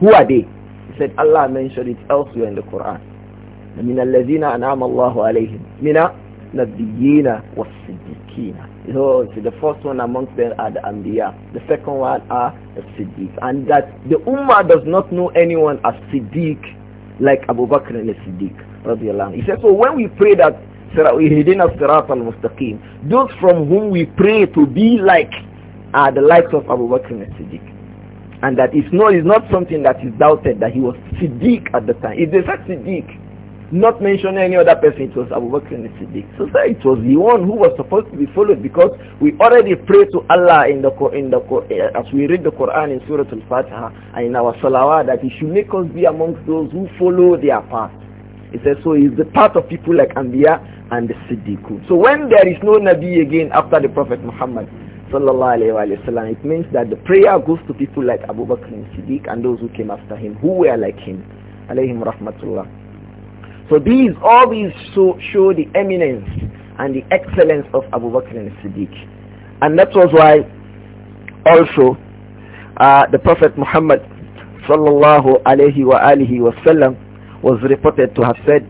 Who are they? He said, Allah mentioned it elsewhere in the Quran. من الذين أنعم الله عليهم من النبيين والصديقين so the first one amongst them are the Anbiya the second one are the Siddiq and that the Ummah does not know anyone as Siddiq like Abu Bakr and Siddiq he said so when we pray that Ihdina Sirat al those from whom we pray to be like are the likes of Abu Bakr and Siddiq and that is no, is not something that is doubted that he was Siddiq at the time. If they said Siddiq, not mentioning any other person, it was Abu Bakr and Siddiq. So sir, it was the one who was supposed to be followed because we already pray to Allah in the, in the eh, as we read the Quran in Surah Al-Fatiha and in our Salawat that he should make us be amongst those who follow their path. He says, so he's the path of people like Anbiya and the Siddiqun. So when there is no Nabi again after the Prophet Muhammad, sallallahu alayhi sallam, it means that the prayer goes to people like Abu Bakr and Siddiq and those who came after him, who were like him, alayhim rahmatullah. So these, all these show, show the eminence and the excellence of Abu Bakr and Siddiq. And that was why also uh, the Prophet Muhammad sallallahu alayhi wa alihi wasallam was reported to have said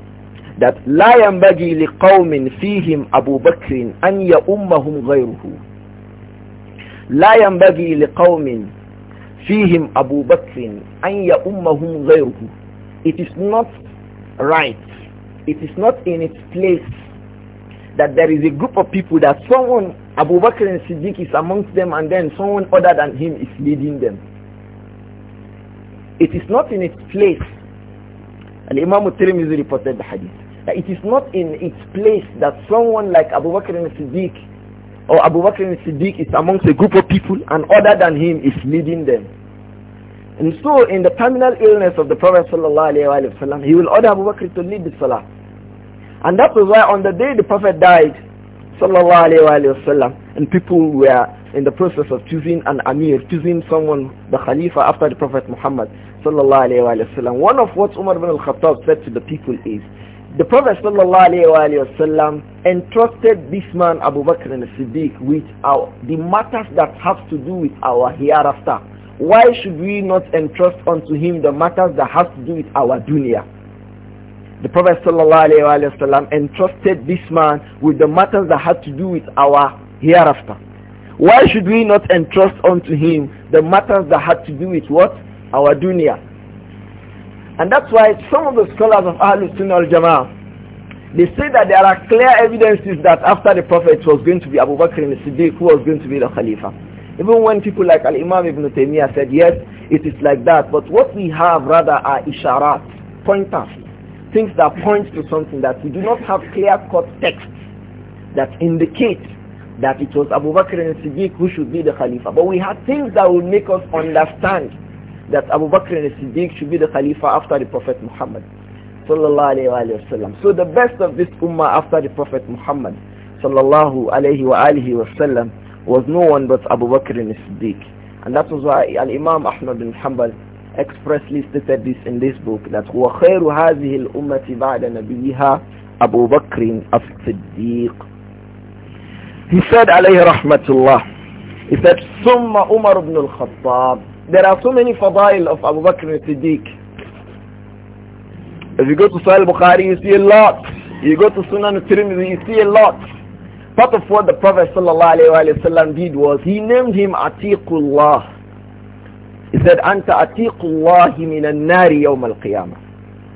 that لا ينبغي لقوم فيهم أبو بكر أن يأمهم غيره لا ينبغي لقوم فيهم أبو بكر أن يأمهم غيره It is not right. It is not in its place that there is a group of people that someone, Abu Bakr and Siddiq is amongst them and then someone other than him is leading them. It is not in its place. And imam al-Tirmidhi reported the hadith. It is not in its place that someone like Abu Bakr and Siddiq or Abu Bakr Siddiq is amongst a group of people and other than him is leading them. And so in the terminal illness of the Prophet wasallam, he will order Abu Bakr to lead the salah. And that was why on the day the Prophet died, wasallam, and people were in the process of choosing an Amir, choosing someone, the Khalifa after the Prophet Muhammad wasallam, one of what Umar ibn al-Khattab said to the people is, the Prophet ﷺ entrusted this man Abu Bakr as-Siddiq with our, the matters that have to do with our hereafter. Why should we not entrust unto him the matters that have to do with our dunya? The Prophet ﷺ entrusted this man with the matters that had to do with our hereafter. Why should we not entrust unto him the matters that had to do with what? Our dunya. And that's why some of the scholars of Ahlul Sunnah al-Jama'ah, they say that there are clear evidences that after the Prophet was going to be Abu Bakr and Siddiq who was going to be the Khalifa. Even when people like Al-Imam Ibn Taymiyyah said, yes, it is like that. But what we have rather are isharat, pointers, things that point to something that we do not have clear-cut texts that indicate that it was Abu Bakr and Siddiq who should be the Khalifa. But we have things that will make us understand that Abu Bakr and Siddiq should be the Khalifa after the Prophet Muhammad. Sallallahu alayhi wa So the best of this Ummah after the Prophet Muhammad sallallahu alayhi wa alayhi wa was no one but Abu Bakr and Siddiq. And that was why Al-Imam Ahmad bin Hanbal expressly stated this in this book that وَخَيْرُ هَذِهِ الْأُمَّةِ بَعْدَ نَبِيِّهَا أَبُو بَكْرٍ الصِّدِّيقِ He said عليه رحمة الله He said ثم عمر بن الخطاب there are so many fadail of Abu Bakr Siddiq. If you go to Sahih Bukhari, you see a lot. You go to Sunan Tirmidhi, you see a lot. Part of what the Prophet ﷺ did was he named him Atiqullah. He said, Anta Atiqullahi minan nari al-qiyamah.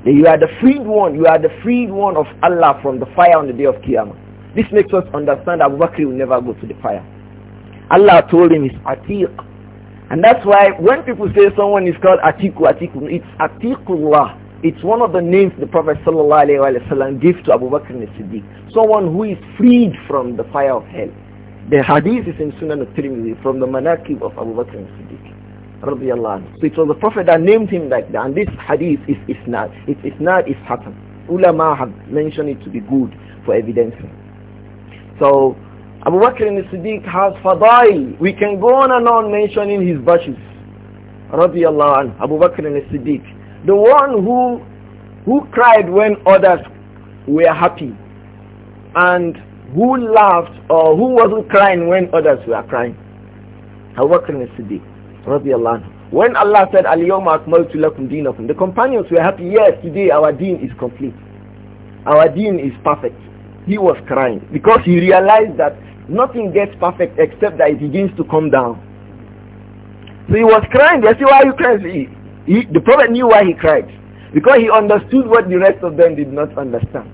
You are the freed one. You are the freed one of Allah from the fire on the day of Qiyamah. This makes us understand Abu Bakr will never go to the fire. Allah told him, he's Atiq. And that's why when people say someone is called Atiku, Atiku, it's Atikullah. It's one of the names the Prophet Wasallam gave to Abu Bakr as-Siddiq. Someone who is freed from the fire of hell. The hadith is in Sunan al-Tirmidhi from the Manaqib of Abu Bakr as-Siddiq. So it was the Prophet that named him like that. And this hadith is isnad. Its isnad is hatam. Ulama have mentioned it to be good for evidencing. So Abu Bakr al-Siddiq has fadail. We can go on and on mentioning his virtues. Radiallahu anhu, Abu Bakr al-Siddiq. The one who, who cried when others were happy and who laughed or who wasn't crying when others were crying. Abu Bakr al-Siddiq. Radiallahu anhu. When Allah said, Al-Yawma Akmaltu Lakum Dinakum, the companions were happy, yes, today our deen is complete. Our deen is perfect. He was crying because he realized that nothing gets perfect except that it begins to come down. So he was crying. They see why you cried. He, he, the prophet knew why he cried. Because he understood what the rest of them did not understand.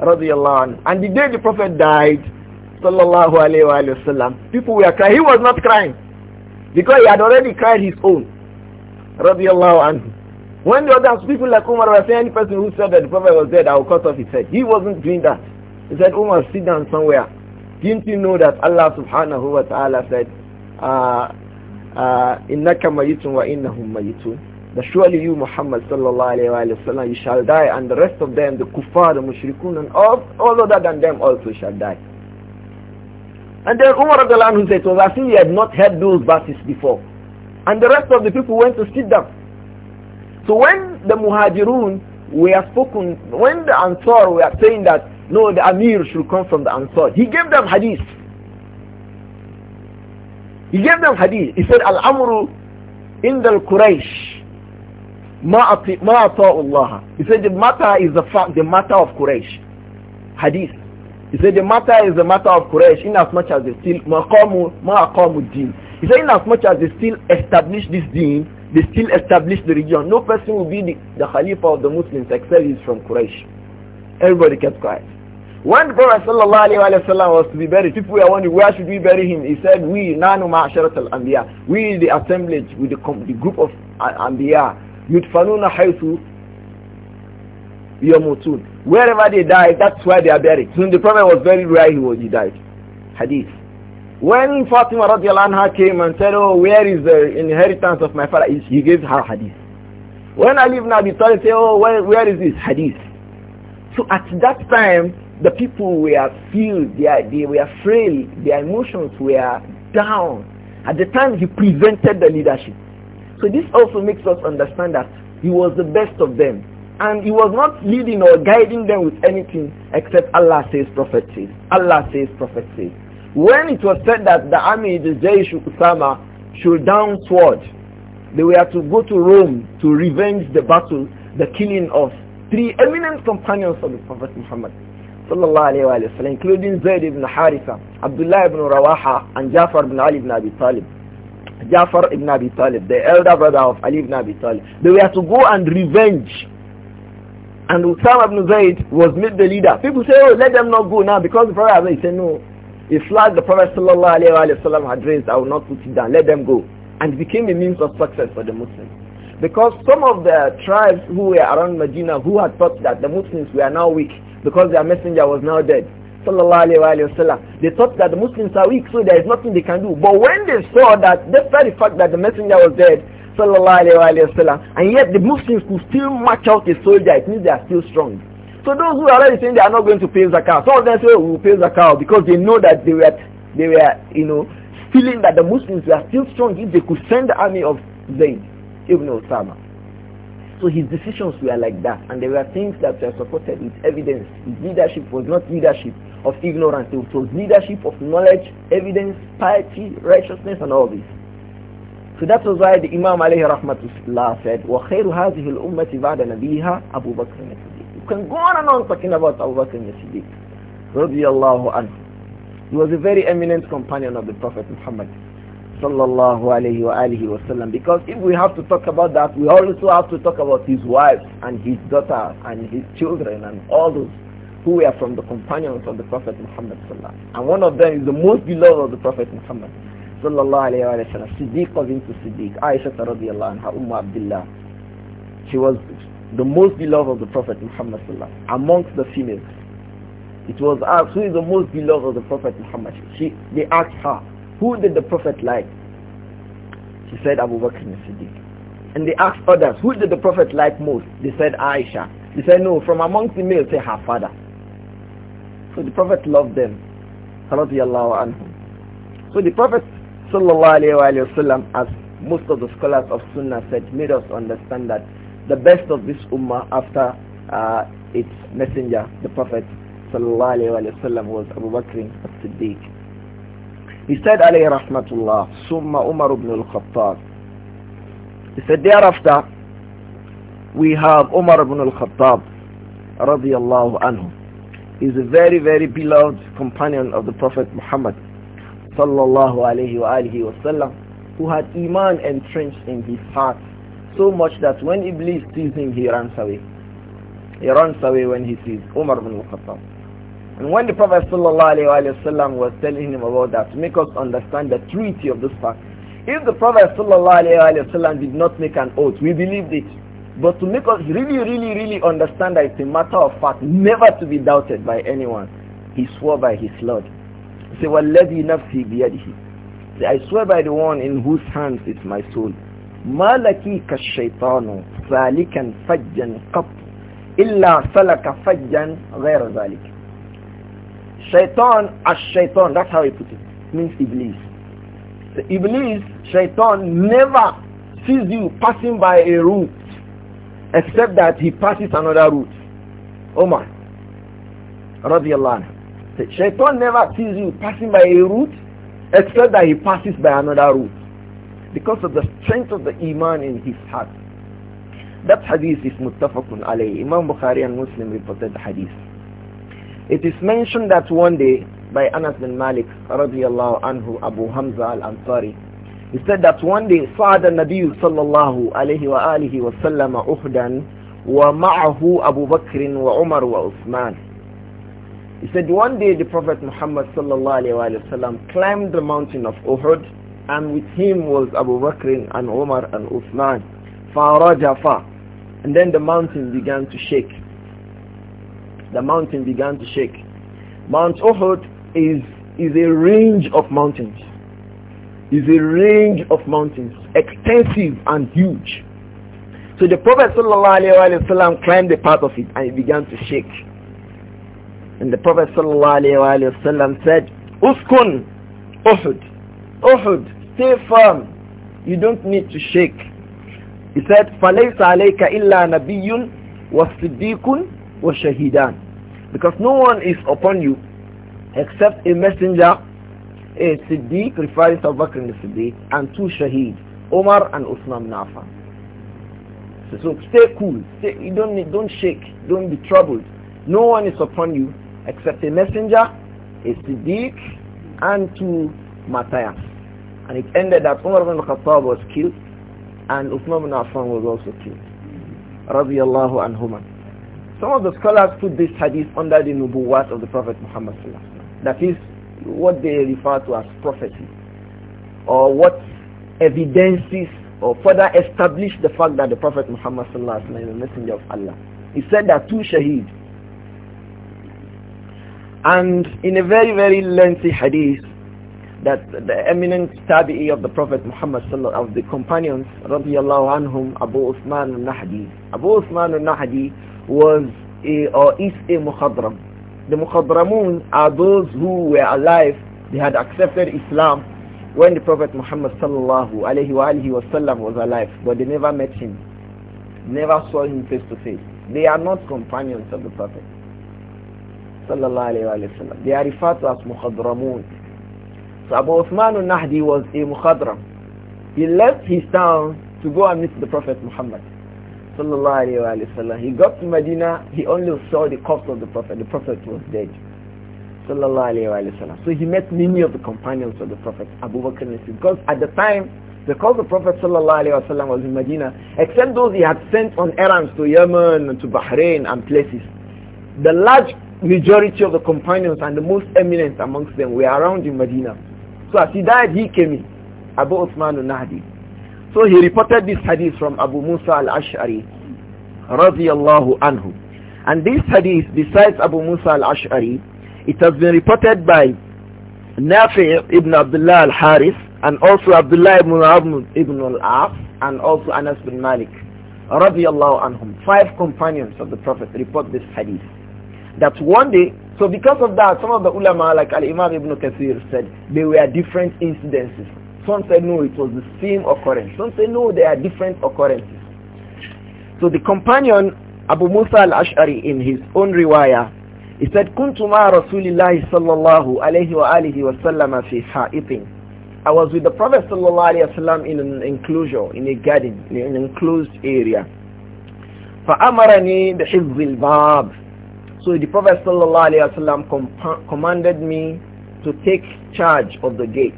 And the day the prophet died, sallallahu alayhi wa sallam, people were crying. He was not crying. Because he had already cried his own. When the other people like Umar were saying, any person who said that the prophet was dead, I will cut off his head. He wasn't doing that. He said, Umar, sit down somewhere. Didn't you know that Allah subhanahu wa ta'ala said, uh, uh, innaka mayitun wa innahum mayitun that surely you Muhammad sallallahu alayhi wa sallam you shall die and the rest of them the kuffar the mushrikun and all, all other than them also shall die and then Umar who said "Well, I as he had not heard those verses before and the rest of the people went to sit down so when the muhajirun were spoken when the ansar were saying that no, the Amir should come from the Ansar. He gave them hadith. He gave them hadith. He said, Al-Amru in the Quraysh. Ma Allah. He said the matter is the fact, the matter of Quraysh. Hadith. He said the matter is the matter of Quraysh in as much as they still maqamu maqamu din. He said in as much as they still establish this deen, they still establish the religion. No person will be the, the Khalifa of the Muslims except he's from Quraysh. Everybody kept quiet. When the Prophet sallallahu alayhi wa was to be buried, people were wondering, where should we bury him? He said, we, nanu ma'asharat al-anbiya. We, the assemblage, with the, the group of anbiya, yudfanuna haythu yamutun. Wherever they died, that's where they are buried. So the Prophet was buried where he, was, he died. Hadith. When Fatima radiallahu anha came and said, oh, where is the inheritance of my father? He gave her hadith. When Ali ibn Abi Talib said, oh, where, where is this hadith? So at that time, the people were filled, they, they were frail, their emotions were down. At the time he presented the leadership. So this also makes us understand that he was the best of them. And he was not leading or guiding them with anything except Allah says, Prophet says. Allah says, Prophet says. When it was said that the army, the Jaysh Usama, should down sword, they were to go to Rome to revenge the battle, the killing of three eminent companions of the Prophet Muhammad including Zayd ibn Haritha, Abdullah ibn Rawaha, and Jafar ibn Ali ibn Abi Talib. Jafar ibn Abi Talib, the elder brother of Ali ibn Abi Talib. They were to go and revenge. And Usama ibn Zayd was made the leader. People say, oh, let them not go now because the Prophet He said, no. A flag the Prophet sallallahu alayhi wa sallam had raised, I will not put it down. Let them go. And it became a means of success for the Muslims. Because some of the tribes who were around Medina who had thought that the Muslims were now weak, because their messenger was now dead. They thought that the Muslims are weak, so there is nothing they can do. But when they saw that, despite the fact that the messenger was dead, and yet the Muslims could still march out a soldier, it means they are still strong. So those who are already saying they are not going to pay zakat, some of them say oh, we will pay Zakah because they know that they were, they were, you know, feeling that the Muslims were still strong if they could send the army of Zayd even Osama. So his decisions were like that, and there were things that were supported with evidence. His leadership was not leadership of ignorance, it was leadership of knowledge, evidence, piety, righteousness, and all this. So that was why the Imam alayhi rahmatullah said, وَخَيْرُ هَذِهِ الْأُمَّةِ بَعْدَ نَبِيهَا أَبُو بَكْرٍ الصديق. You can go on and on talking about Abu Bakr as-Siddiq. رضي الله عنه. He was a very eminent companion of the Prophet Muhammad sallallahu alayhi wa alihi wasallam because if we have to talk about that we also have to talk about his wives and his daughters and his children and all those who were from the companions of the prophet muhammad sallallahu and one of them is the most beloved of the prophet muhammad sallallahu alayhi wa sallam siddiq bint siddiq aisha radiyallahu anha ummu abdullah she was the most beloved of the prophet muhammad sallallahu amongst the females it was asked who is the most beloved of the prophet muhammad she they asked her who did the Prophet like? She said Abu Bakr Siddiq. And they asked others, who did the Prophet like most? They said Aisha. They said no, from amongst the males, say her father. So the Prophet loved them. So the Prophet وسلم, as most of the scholars of Sunnah said, made us understand that the best of this Ummah after uh, its messenger, the Prophet وسلم, was Abu Bakr as-Siddiq. He said, alayhi rahmatullah, summa Umar ibn al-Khattab. He said, thereafter, we have Umar ibn al-Khattab, radiyallahu anhu. He's a very, very beloved companion of the Prophet Muhammad, sallallahu alayhi wa alihi wasallam, who had iman entrenched in his heart so much that when Iblis sees him, he runs away. He runs away when he sees Umar ibn al-Khattab. And when the Prophet ﷺ was telling him about that, to make us understand the treaty of this fact, if the Prophet ﷺ did not make an oath, we believed it. But to make us really, really, really understand that it's a matter of fact, never to be doubted by anyone, he swore by his Lord. He said, وَالَّذِي نَفْسِي بِيَدِهِ Say, I swear by the one in whose hands is my soul. مَا لَكِيكَ الشَّيْطَانُ سَالِكًا فَجًّا قَطْ إِلَّا سَلَكَ فَجًّا غَيْرَ ذَلِكَ Shaitan as shaitan, that's how he put it, means Iblis. The Iblis, shaitan, never sees you passing by a route except that he passes another route. Omar, radiallahu anhu. The shaitan never sees you passing by a route except that he passes by another route because of the strength of the iman in his heart. That hadith is muttafaqun alayhi. Imam Bukhari and Muslim reported the hadith. It is mentioned that one day by Anas bin Malik radiallahu anhu Abu Hamza al-Ansari he said that one day صعد النبي صلى الله عليه وآله وسلم أحدا ومعه أبو بكر وعمر وعثمان He said one day the Prophet Muhammad صلى الله عليه وسلم climbed the mountain of Uhud and with him was Abu Bakr and Umar and Uthman فرجف and then the mountain began to shake the mountain began to shake. Mount Uhud is, is a range of mountains. Is a range of mountains, extensive and huge. So the Prophet ﷺ climbed the part of it and it began to shake. And the Prophet ﷺ said, Uskun, Uhud, Uhud, stay firm. You don't need to shake. He said, فَلَيْسَ عَلَيْكَ إِلَّا نَبِيٌّ وَصِدِّيقٌ وَشَهِدَانٌ because no one is upon you except a messenger, a Siddiq referring to Bakr and Siddiq, and two Shaheed, Omar and Usman Nafa. So, so stay cool. Stay, you don't, need, don't shake. Don't be troubled. No one is upon you except a messenger, a Siddiq, and two Matthias. And it ended that Umar ibn Khattab was killed and Uthman ibn Affan was also killed. رضي الله عنهما some of the scholars put this hadith under the nubuwat of the Prophet Muhammad That is what they refer to as prophecy or what evidences or further establish the fact that the Prophet Muhammad is the messenger of Allah. He said that two shaheed. And in a very, very lengthy hadith that the eminent tabi'i of the Prophet Muhammad of the companions, radiallahu anhum, Abu Usman al-Nahdi. Abu Usman al-Nahdi was a, or is a muhadram. The muhadramun are those who were alive, they had accepted Islam when the Prophet Muhammad sallallahu alayhi wa alihi was alive, but they never met him, never saw him face to face. They are not companions of the Prophet sallallahu alayhi wa sallam. They are referred to as muhadramun. So Abu Uthman al-Nahdi was a Muhadram. He left his town to go and meet the Prophet Muhammad sallallahu alayhi he got to Medina, he only saw the corpse of the Prophet. The Prophet was dead. Sallallahu alayhi So he met many of the companions of the Prophet, Abu Bakr and Because at the time, because the Prophet sallallahu alayhi wa was in Medina, except those he had sent on errands to Yemen, and to Bahrain and places, the large majority of the companions and the most eminent amongst them were around in Medina. So as he died, he came in. Abu Uthman al-Nahdi so he reported this hadith from Abu Musa al-Ash'ari radiyallahu anhu. And this hadith, besides Abu Musa al-Ash'ari, it has been reported by Nafi ibn Abdullah al-Harith and also Abdullah ibn Abdullah ibn al-As and also Anas bin Malik radiyallahu anhum. Five companions of the Prophet report this hadith. That one day, so because of that, some of the ulama like Al-Imam ibn Kathir said, they were different incidences. Some said no, it was the same occurrence. Some said no, there are different occurrences. So the companion Abu Musa al-Ash'ari in his own riwayah, he said, كنت مع رسول الله صلى الله عليه وآله وسلم I was with the Prophet sallallahu alayhi wa sallam in an enclosure, in a garden, in an enclosed area. فأمرني بحفظ الباب. So the Prophet sallallahu الله عليه وسلم commanded me to take charge of the gate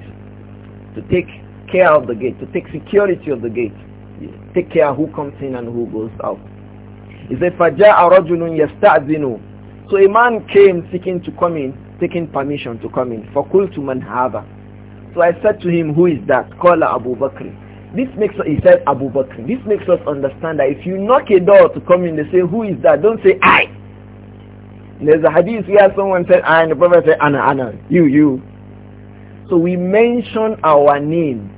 to take care of the gate, to take security of the gate, take care of who comes in and who goes out. He said, فَجَاءَ رَجُلٌ يَسْتَأْذِنُ So a man came seeking to come in, taking permission to come in. فَقُلْتُ مَنْ هَذَا So I said to him, who is that? قَالَ Abu Bakr. This makes, he said Abu Bakr, this makes us understand that if you knock a door to come in, they say, who is that? Don't say, I. There's a hadith where someone said, I, and the Prophet said, Ana, Ana, you, you. So we mention our name.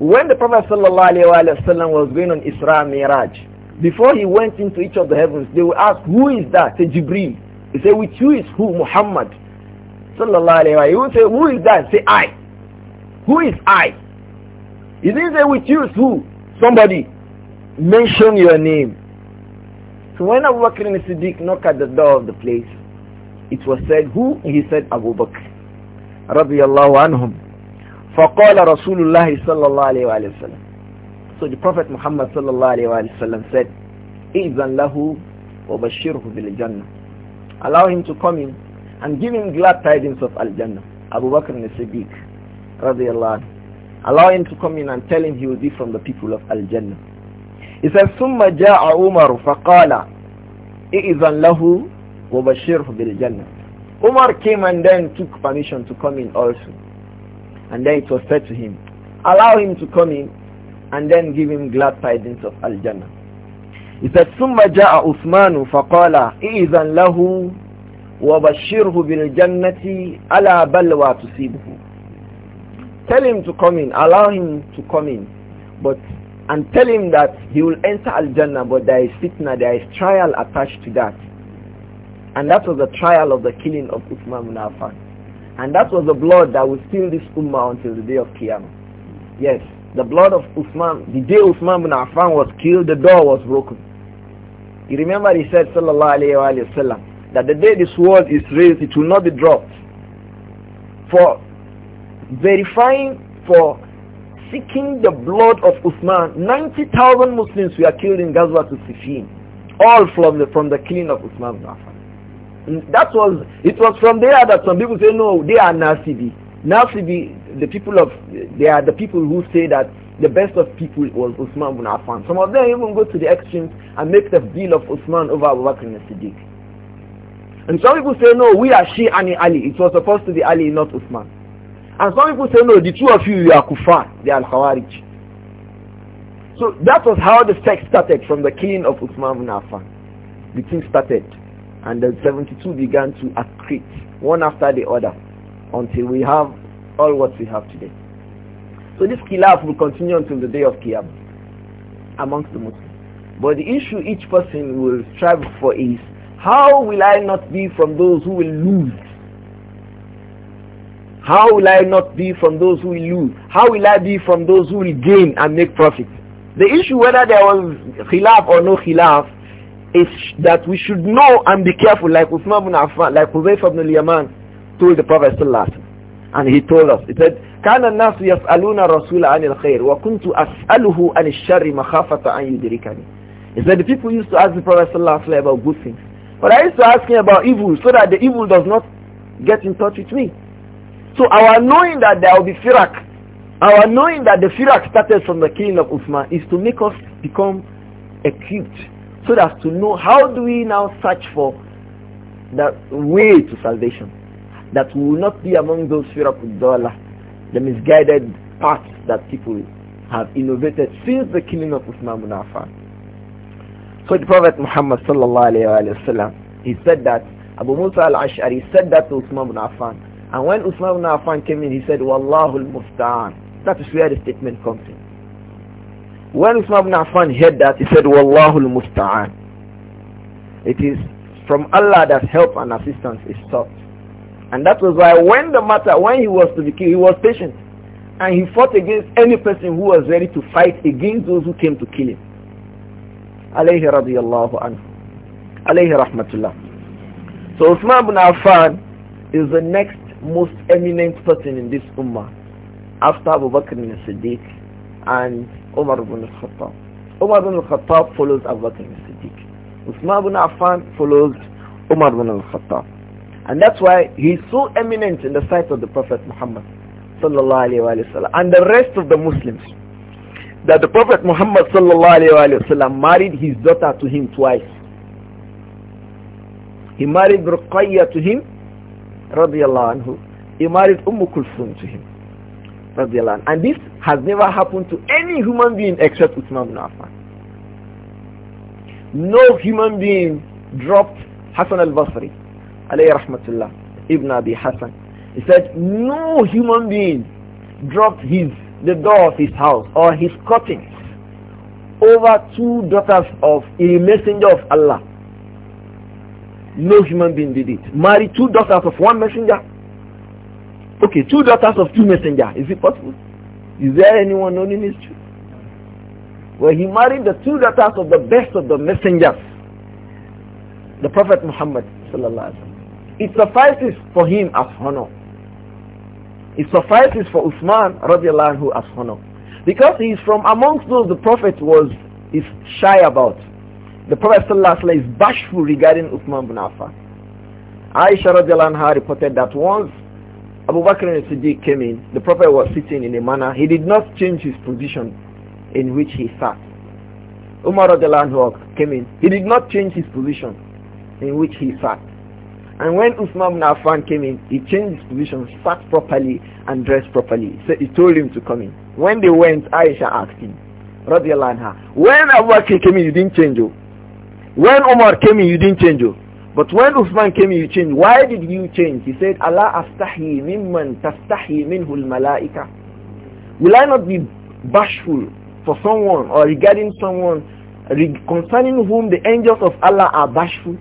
When the Prophet sallallahu was going on Isra Miraj, before he went into each of the heavens, they would ask, who is that? Say Jibril. He said, which is who? Muhammad. Sallallahu alayhi wa He would say, who is that? Say, I. Who is I? He didn't say, which you is who? Somebody. Mention your name. So when Abu Bakr and Siddiq knocked at the door of the place, it was said, who? He said, Abu Bakr. رضي الله عنهم فقال رسول الله صلى الله عليه وآله وسلم So the Prophet Muhammad صلى الله عليه وآله وسلم said إذن له وبشره بالجنة Allow him to come in and give him glad tidings of Al-Jannah Abu Bakr al-Siddiq رضي الله عنه Allow him to come in and tell him he will be from the people of Al-Jannah He said, ثم جاء عمر فقال إذن له وبشره بالجنة Umar came and then took permission to come in also. And then it was said to him, allow him to come in and then give him glad tidings of Al-Jannah. He said, ثم جاء عثمان فقال إذن له وبشره بالجنة على بلوى تصيبه. Tell him to come in, allow him to come in, but and tell him that he will enter Al-Jannah, but there is fitna, there is trial attached to that. And that was the trial of the killing of Uthman ibn Affan. And that was the blood that will steal this Ummah until the day of Qiyamah. Yes, the blood of Uthman, the day Uthman ibn Affan was killed, the door was broken. You remember he said, sallallahu alayhi wa, alayhi wa sallam, that the day this sword is raised, it will not be dropped. For verifying, for seeking the blood of Uthman, 90,000 Muslims were killed in Ghazwa to Sifin, all from the, from the killing of Uthman ibn Affan. That was, it was from there that some people say, no, they are Nasibi. Nasibi, the people of, they are the people who say that the best of people was Usman bin Affan. Some of them even go to the extremes and make the deal of Usman over Abu Bakr and Siddiq. And some people say, no, we are Shi and Ali. It was supposed to be Ali, not Usman. And some people say, no, the two of you, you are Kufar. They are Khawarij. So that was how the sect started from the killing of Usman bin Affan. The thing started and the 72 began to accrete one after the other until we have all what we have today. So this khilaf will continue until the day of Qiyamah amongst the Muslims. But the issue each person will strive for is how will I not be from those who will lose? How will I not be from those who will lose? How will I be from those who will gain and make profit? The issue whether there was khilaf or no khilaf is that we should know and be careful like Uthman ibn Affan, like Huzayf ibn al-Yaman told the Prophet sallallahu and he told us, he said, كان الناس يسألون الرسول عن الخير وكنت أسأله عن الشر مخافة أن يدركني. He said, the people used to ask the Prophet sallallahu alaihi about good things. But I used to ask him about evil so that the evil does not get in touch with me. So our knowing that there will be firak, our knowing that the firak started from the killing of Uthman is to make us become acute so as to know how do we now search for the way to salvation that we will not be among those firaqudallah the misguided paths that people have innovated since the killing of Uthman bin Affan so the Prophet Muhammad sallallahu alayhi wasallam, he said that Abu Musa al-Ash'ari said that to Uthman bin Affan and when Uthman bin Affan came in he said Wallahu al-Musta'an that is where the statement comes in when Usman ibn Affan heard that, he said, Wallahu al-musta'an. It is from Allah that help and assistance is sought. And that was why when the matter, when he was to be killed, he was patient. And he fought against any person who was ready to fight against those who came to kill him. Alayhi radiyallahu anhu. Alayhi rahmatullah. So Usman ibn Affan is the next most eminent person in this ummah after Abu Bakr ibn Siddiq and عمر بن الخطاب عمر بن الخطاب فلوز أبو follows الصديق عثمان بن عفان فلوز عمر بن follows And that's why he's so eminent in the sight of the Prophet Muhammad sallallahu alayhi wa sallam and the rest of the Muslims that the Prophet Muhammad sallallahu alayhi wa sallam married his daughter to him twice. He married Ruqayya to him radiyallahu anhu. He married Umm Kulthum to him And this has never happened to any human being except Uthman ibn Affan. No human being dropped Hassan al-Basri, alayhi rahmatullah, Ibn Abi Hassan. He said, no human being dropped his, the door of his house or his curtains over two daughters of a messenger of Allah. No human being did it. Marry two daughters of one messenger Okay, two daughters of two messengers. Is it possible? Is there anyone known in history? Well, he married the two daughters of the best of the messengers. The Prophet Muhammad sallallahu alaihi wasallam. It suffices for him as honor. It suffices for Uthman radiallahu anhu as honor. Because he is from amongst those the Prophet was is shy about. The Prophet sallallahu alaihi wasallam is bashful regarding Uthman bin Affan. Aisha radiallahu anha reported that once Abu Bakr al-Siddiq came in, the Prophet was sitting in a manner, he did not change his position in which he sat. Umar radiallahu came in, he did not change his position in which he sat. And when Uthman ibn Affan came in, he changed his position, sat properly and dressed properly. So he told him to come in. When they went, Aisha asked him, radiallahu anha, when Abu Bakr came in, you didn't change. You. Oh? When Umar came in, you didn't change. You. Oh? But when Uthman came, you changed. Why did you change? He said, Allah astahi mimman tastahi minhu malaika Will I not be bashful for someone or regarding someone concerning whom the angels of Allah are bashful?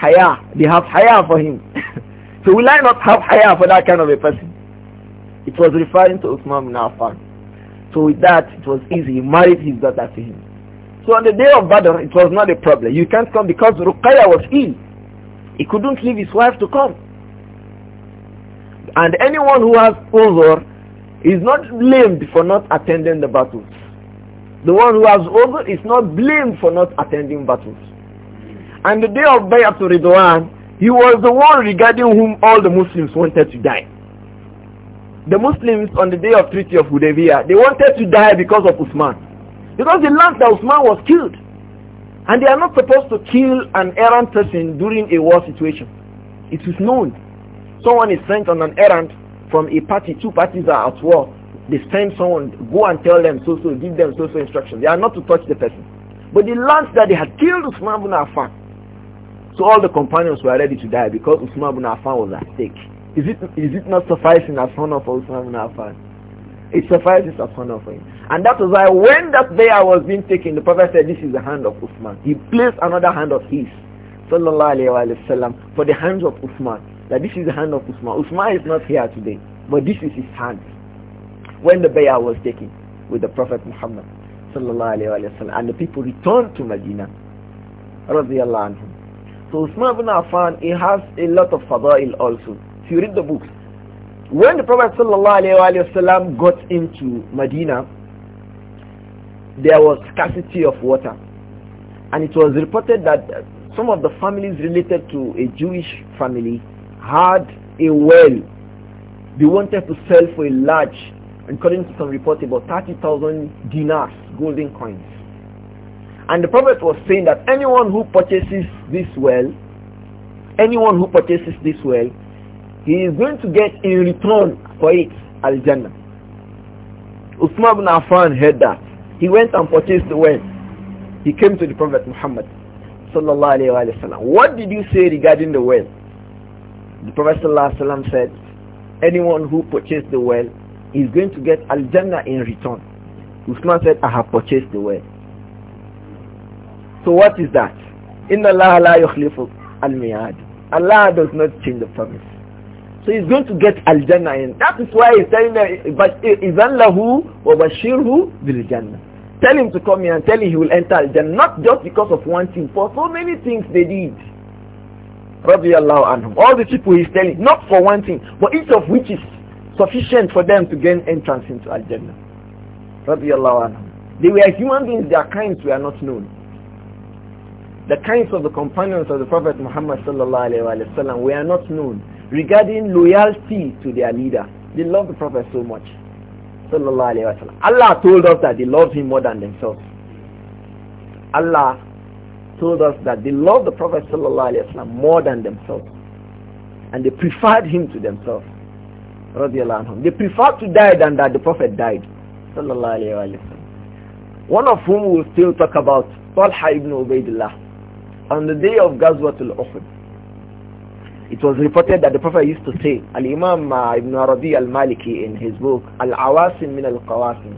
Haya. They have haya for him. so will I not have haya for that kind of a person? It was referring to Uthman bin Affan. So with that, it was easy. He married his daughter to him. So on the day of Badr, it was not a problem. You can't come because Ruqayya was ill. He couldn't leave his wife to come. And anyone who has uzur is not blamed for not attending the battles. The one who has uzur is not blamed for not attending battles. And the day of Bayatul Ridwan, he was the one regarding whom all the Muslims wanted to die. The Muslims on the day of Treaty of Hudaybiyah, they wanted to die because of Usman. Because the last that Usman was killed. And they are not supposed to kill an errant person during a war situation. It is known. Someone is sent on an errand from a party, two parties are at war. They send someone, go and tell them so so, give them so so instructions. They are not to touch the person. But the lance that they had killed Usman bin Affan. So all the companions were ready to die because Usman bin Affan was at stake. Is it, is it not sufficing as honor for Usman bin Affan? It suffices as honor for him. And that was why when that bayah was being taken, the Prophet said, this is the hand of Uthman. He placed another hand of his, sallallahu alayhi wa, sallam, for the hands of Uthman. That this is the hand of Uthman. Uthman is not here today, but this is his hand. When the bayah was taken with the Prophet Muhammad, sallallahu alayhi wa, sallam, and the people returned to Medina, radiallahu anhum. So Uthman ibn Affan, he has a lot of fada'il also. If you read the books, when the Prophet ﷺ got into Medina, there was scarcity of water. And it was reported that some of the families related to a Jewish family had a well. They wanted to sell for a large, according to some report, about 30,000 dinars, golden coins. And the Prophet was saying that anyone who purchases this well, anyone who purchases this well, he is going to get in return for it al-jannah Usman ibn Affan heard that he went and purchased the well he came to the prophet Muhammad sallallahu what did you say regarding the well the prophet sallallahu said anyone who purchased the well is going to get al-jannah in return Usman said I have purchased the well so what is that inna Allah la yukhlifu al-miyad Allah does not change the promise so he's going to get al-jannah in. That is why he's telling them, lahu إِذَنْ لَهُ وَبَشِّرْهُ jannah Tell him to come here and tell him he will enter al-jannah. Not just because of one thing, for so many things they did. Radiallahu anhum. All the people he's telling, not for one thing, but each of which is sufficient for them to gain entrance into al-jannah. Radiallahu anhum. They were human beings, their kinds were not known the kinds of the companions of the Prophet Muhammad sallallahu alayhi wa sallam were not known regarding loyalty to their leader. They love the Prophet so much. Allah told us that they loved him more than themselves. Allah told us that they loved the Prophet more than themselves. And they preferred him to themselves. They preferred to die than that the Prophet died. One of whom we'll still talk about, Talha ibn Ubaidullah. On the day of Ghazwatul Uhud, it was reported that the Prophet used to say, Al-Imam uh, Ibn Arabi al-Maliki in his book, Al-Awasim min al-Qawasim,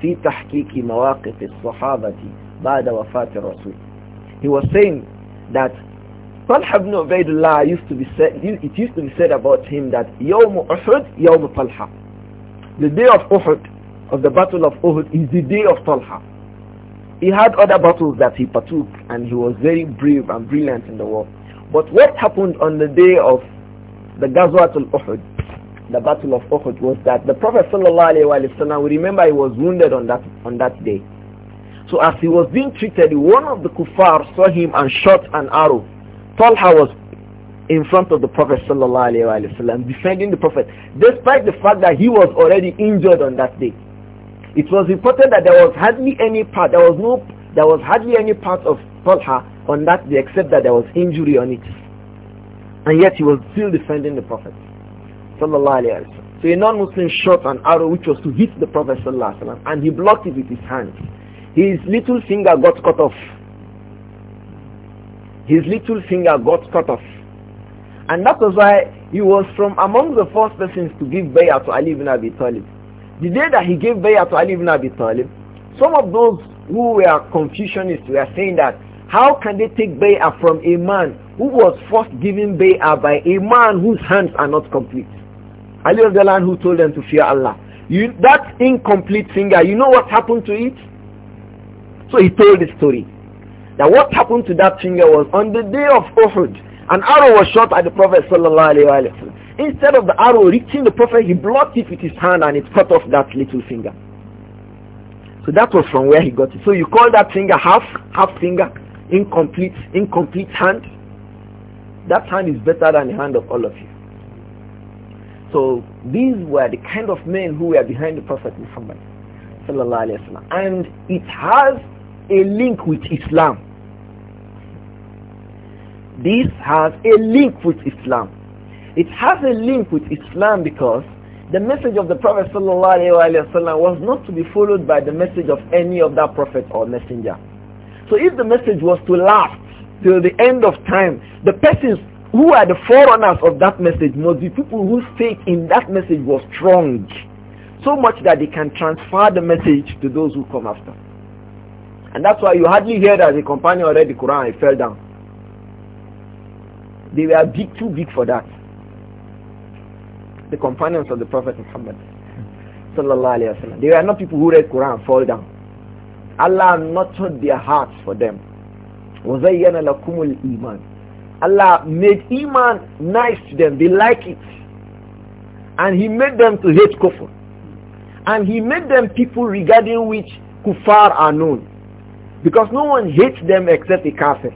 fi tahkiki mawaqif al-Sahabati ba'da wafat rasul He was saying that Talha ibn Ubaidullah used to be said, it used to be said about him that Yawm Uhud, Yawm Talha. The day of Uhud, of the battle of Uhud, is the day of Talha. He had other battles that he partook and he was very brave and brilliant in the war. But what happened on the day of the al Uhud, the Battle of Uhud, was that the Prophet ﷺ, we remember he was wounded on that, on that day. So as he was being treated, one of the kuffar saw him and shot an arrow. Talha was in front of the Prophet ﷺ, defending the Prophet, despite the fact that he was already injured on that day. It was reported that there was hardly any part, there was no, there was hardly any part of Talha on that day except that there was injury on it. And yet he was still defending the Prophet. So a non-Muslim shot an arrow which was to hit the Prophet and he blocked it with his hand. His little finger got cut off. His little finger got cut off. And that was why he was from among the first persons to give bayah to Ali ibn Abi Talib. The day that he gave bayah to Ali ibn Abi Talib, some of those who were Confucianists were saying that how can they take bay'ah from a man who was first given bay'ah by a man whose hands are not complete? Ali of the land who told them to fear Allah. You, that incomplete finger, you know what happened to it? So he told the story. Now what happened to that finger was on the day of Uhud, an arrow was shot at the Prophet sallallahu Instead of the arrow reaching the Prophet, he blocked it with his hand and it cut off that little finger. So that was from where he got it. So you call that finger half, half finger? incomplete, incomplete hand, that hand is better than the hand of all of you. So these were the kind of men who were behind the Prophet Muhammad and it has a link with Islam. This has a link with Islam. It has a link with Islam because the message of the Prophet ﷺ was not to be followed by the message of any other prophet or messenger. So if the message was to last till the end of time, the persons who are the forerunners of that message must be people whose faith in that message was strong, so much that they can transfer the message to those who come after. And that's why you hardly hear that the companion read the Quran and fell down. They were big, too big for that. The companions of the Prophet Muhammad. They were not people who read Quran and fall down. Allah nurtured their hearts for them. وَزَيَّنَ لَكُمُ iman. Allah made Iman nice to them. They like it. And He made them to hate kufr. And He made them people regarding which kuffar are known. Because no one hates them except a kafir.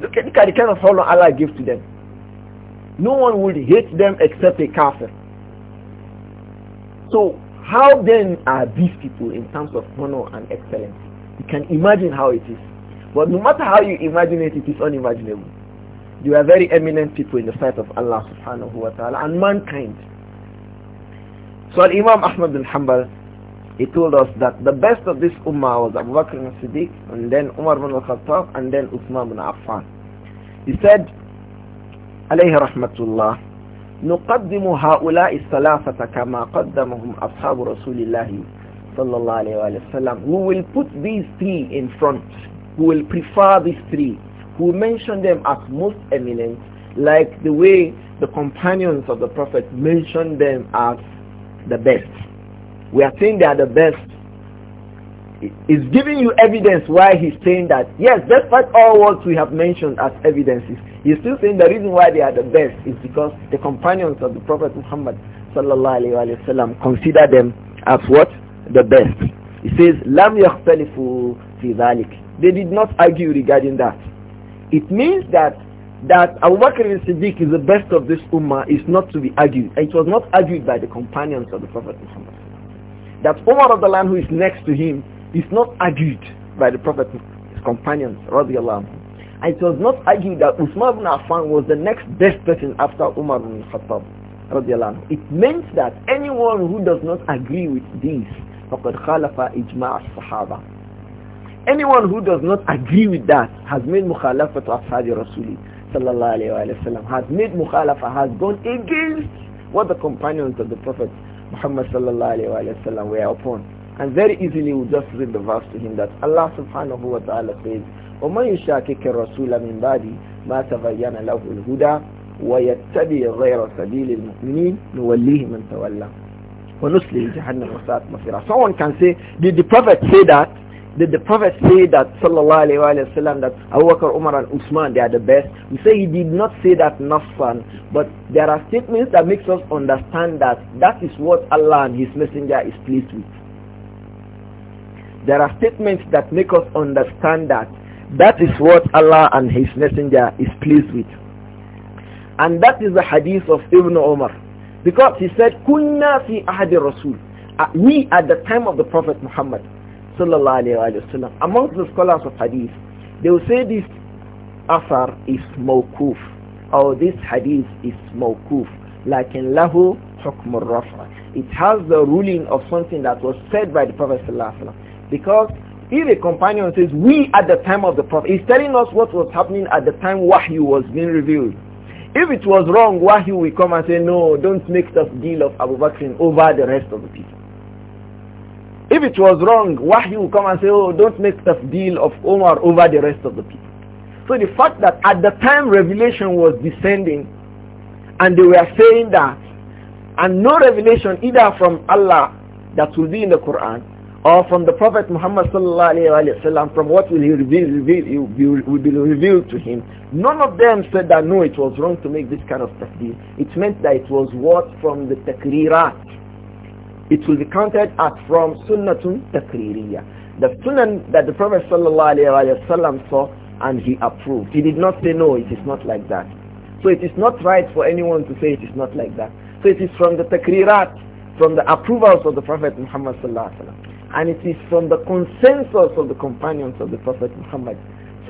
Look at, look at the kind of honor Allah gives to them. No one would hate them except a kafir. So how then are these people in terms of honor and excellence? You can imagine how it is. But no matter how you imagine it, it is unimaginable. You are very eminent people in the sight of Allah subhanahu wa ta'ala and mankind. So Imam Ahmad bin Hanbal, he told us that the best of this ummah was Abu Bakr As Siddiq and then Umar bin al-Khattab and then Uthman bin Affan. He said, alayhi rahmatullah, نقدم هؤلاء الثلاثة كما قدمهم أصحاب رسول الله صلى الله عليه وسلم will put these three in front who will prefer these three who mention them as most eminent like the way the companions of the prophet mentioned them as the best we are saying they are the best is giving you evidence why he's saying that. Yes, despite all what we have mentioned as evidences, he's still saying the reason why they are the best is because the companions of the Prophet Muhammad sallallahu alaihi wasallam consider them as what the best. He says, "Lam yakhtalifu fi They did not argue regarding that. It means that that Abu Bakr al-Siddiq is the best of this ummah is not to be argued. it was not argued by the companions of the Prophet Muhammad. That Umar of the land who is next to him is not argued by the Prophet, his companions, radiallahu anhu. And it was not argued that Usman ibn Affan was the next best person after Umar ibn Khattab, radiallahu anhu. It meant that anyone who does not agree with this, فَقَدْ خَالَفَ إِجْمَعَ الصَّحَابَةِ Anyone who does not agree with that has made mukhalafah to Ashabi Rasuli sallallahu alayhi wa sallam, has made mukhalafah, has gone against what the companions of the Prophet Muhammad sallallahu alayhi wa sallam were upon. And very easily we'll just read the verse to him that Allah subhanahu wa ta'ala says, وَمَنْ يُشَاكِكَ الرَّسُولَ مِنْ بَعْدِ مَا تَبَيَّنَ لَهُ الْهُدَى وَيَتَّبِعْ غَيْرَ سَبِيلِ الْمُؤْمِنِينَ نُوَلِّهِ مَنْ تَوَلَّى وَنُسْلِهِ جَهَنَّمَ وَسَاءَتْ مَصِيرًا Someone can say, did the Prophet say that? Did the Prophet say that, sallallahu alayhi wa, alayhi wa sallam, that Abu Bakr, Umar and Usman, they are the best? We say he did not say that nafsan, but there are statements that makes us understand that that is what Allah and His Messenger is pleased with. There are statements that make us understand that that is what Allah and His Messenger is pleased with. And that is the hadith of Ibn Omar. Because he said, Kunna fi ahadi Rasul. Uh, we at the time of the Prophet Muhammad sallallahu Amongst the scholars of hadith, they will say this asar is mawkuf or this hadith is mawkuf. Like in lahu hukm rafa. It has the ruling of something that was said by the Prophet sallallahu alaihi wasallam. Because if a companion says, we at the time of the Prophet, he's telling us what was happening at the time Wahyu was being revealed. If it was wrong, Wahyu will come and say, no, don't make this deal of Abu Bakr over the rest of the people. If it was wrong, Wahyu will come and say, oh, don't make this deal of Omar over the rest of the people. So the fact that at the time revelation was descending, and they were saying that, and no revelation either from Allah that will be in the Quran, or from the Prophet Muhammad وسلم, from what will he reveal, reveal will be revealed to him. None of them said that no, it was wrong to make this kind of takdir. It meant that it was what from the takrirat. It will be counted as from sunnatun takririya. The sunnah that the Prophet وسلم saw and he approved. He did not say no, it is not like that. So it is not right for anyone to say it is not like that. So it is from the takrirat, from the approvals of the Prophet Muhammad sallallahu and it is from the consensus of the companions of the Prophet Muhammad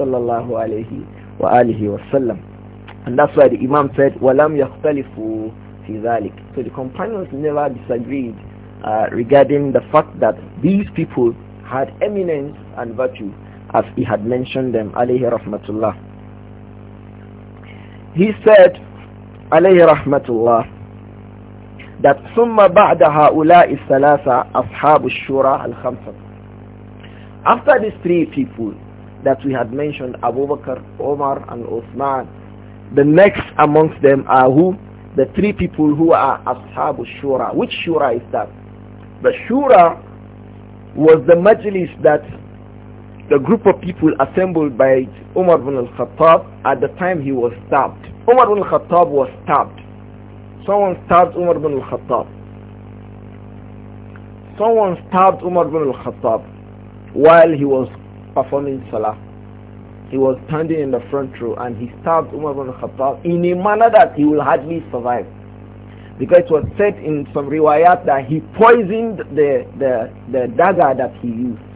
sallallahu alayhi wa alihi wasallam. And that's why the Imam said, "Walam يَخْتَلِفُوا فِي ذَلِكَ So the companions never disagreed uh, regarding the fact that these people had eminence and virtue as he had mentioned them alayhi rahmatullah he said alayhi rahmatullah that summa ثم بعد هؤلاء الثلاثة shura al الخمسة after these three people that we had mentioned Abu Bakr, Omar and Uthman the next amongst them are who the three people who are Ashab Shura which Shura is that the Shura was the majlis that the group of people assembled by Umar ibn al-Khattab at the time he was stabbed Umar ibn al-Khattab was stabbed Someone stabbed Umar bin al-Khattab. Someone stabbed Umar bin al-Khattab while he was performing Salah. He was standing in the front row and he stabbed Umar bin al-Khattab in a manner that he will hardly survive. Because it was said in some riwayat that he poisoned the, the, the dagger that he used.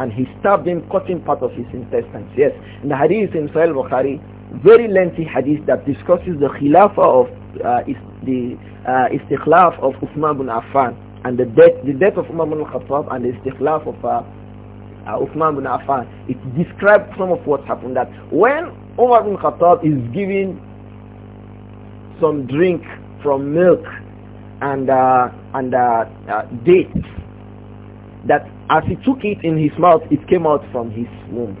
And he stabbed him, cutting part of his intestines. Yes, in the hadith in Sahih Bukhari, very lengthy hadith that discusses the khilafah of uh, the uh, istikhlaf of Uthman bin Affan and the death the death of Umar bin Khattab and the istikhlaf of uh, uh Uthman bin Affan it describes some of what happened that when Umar bin Khattab is giving some drink from milk and uh, and uh, uh, dates that as he took it in his mouth it came out from his womb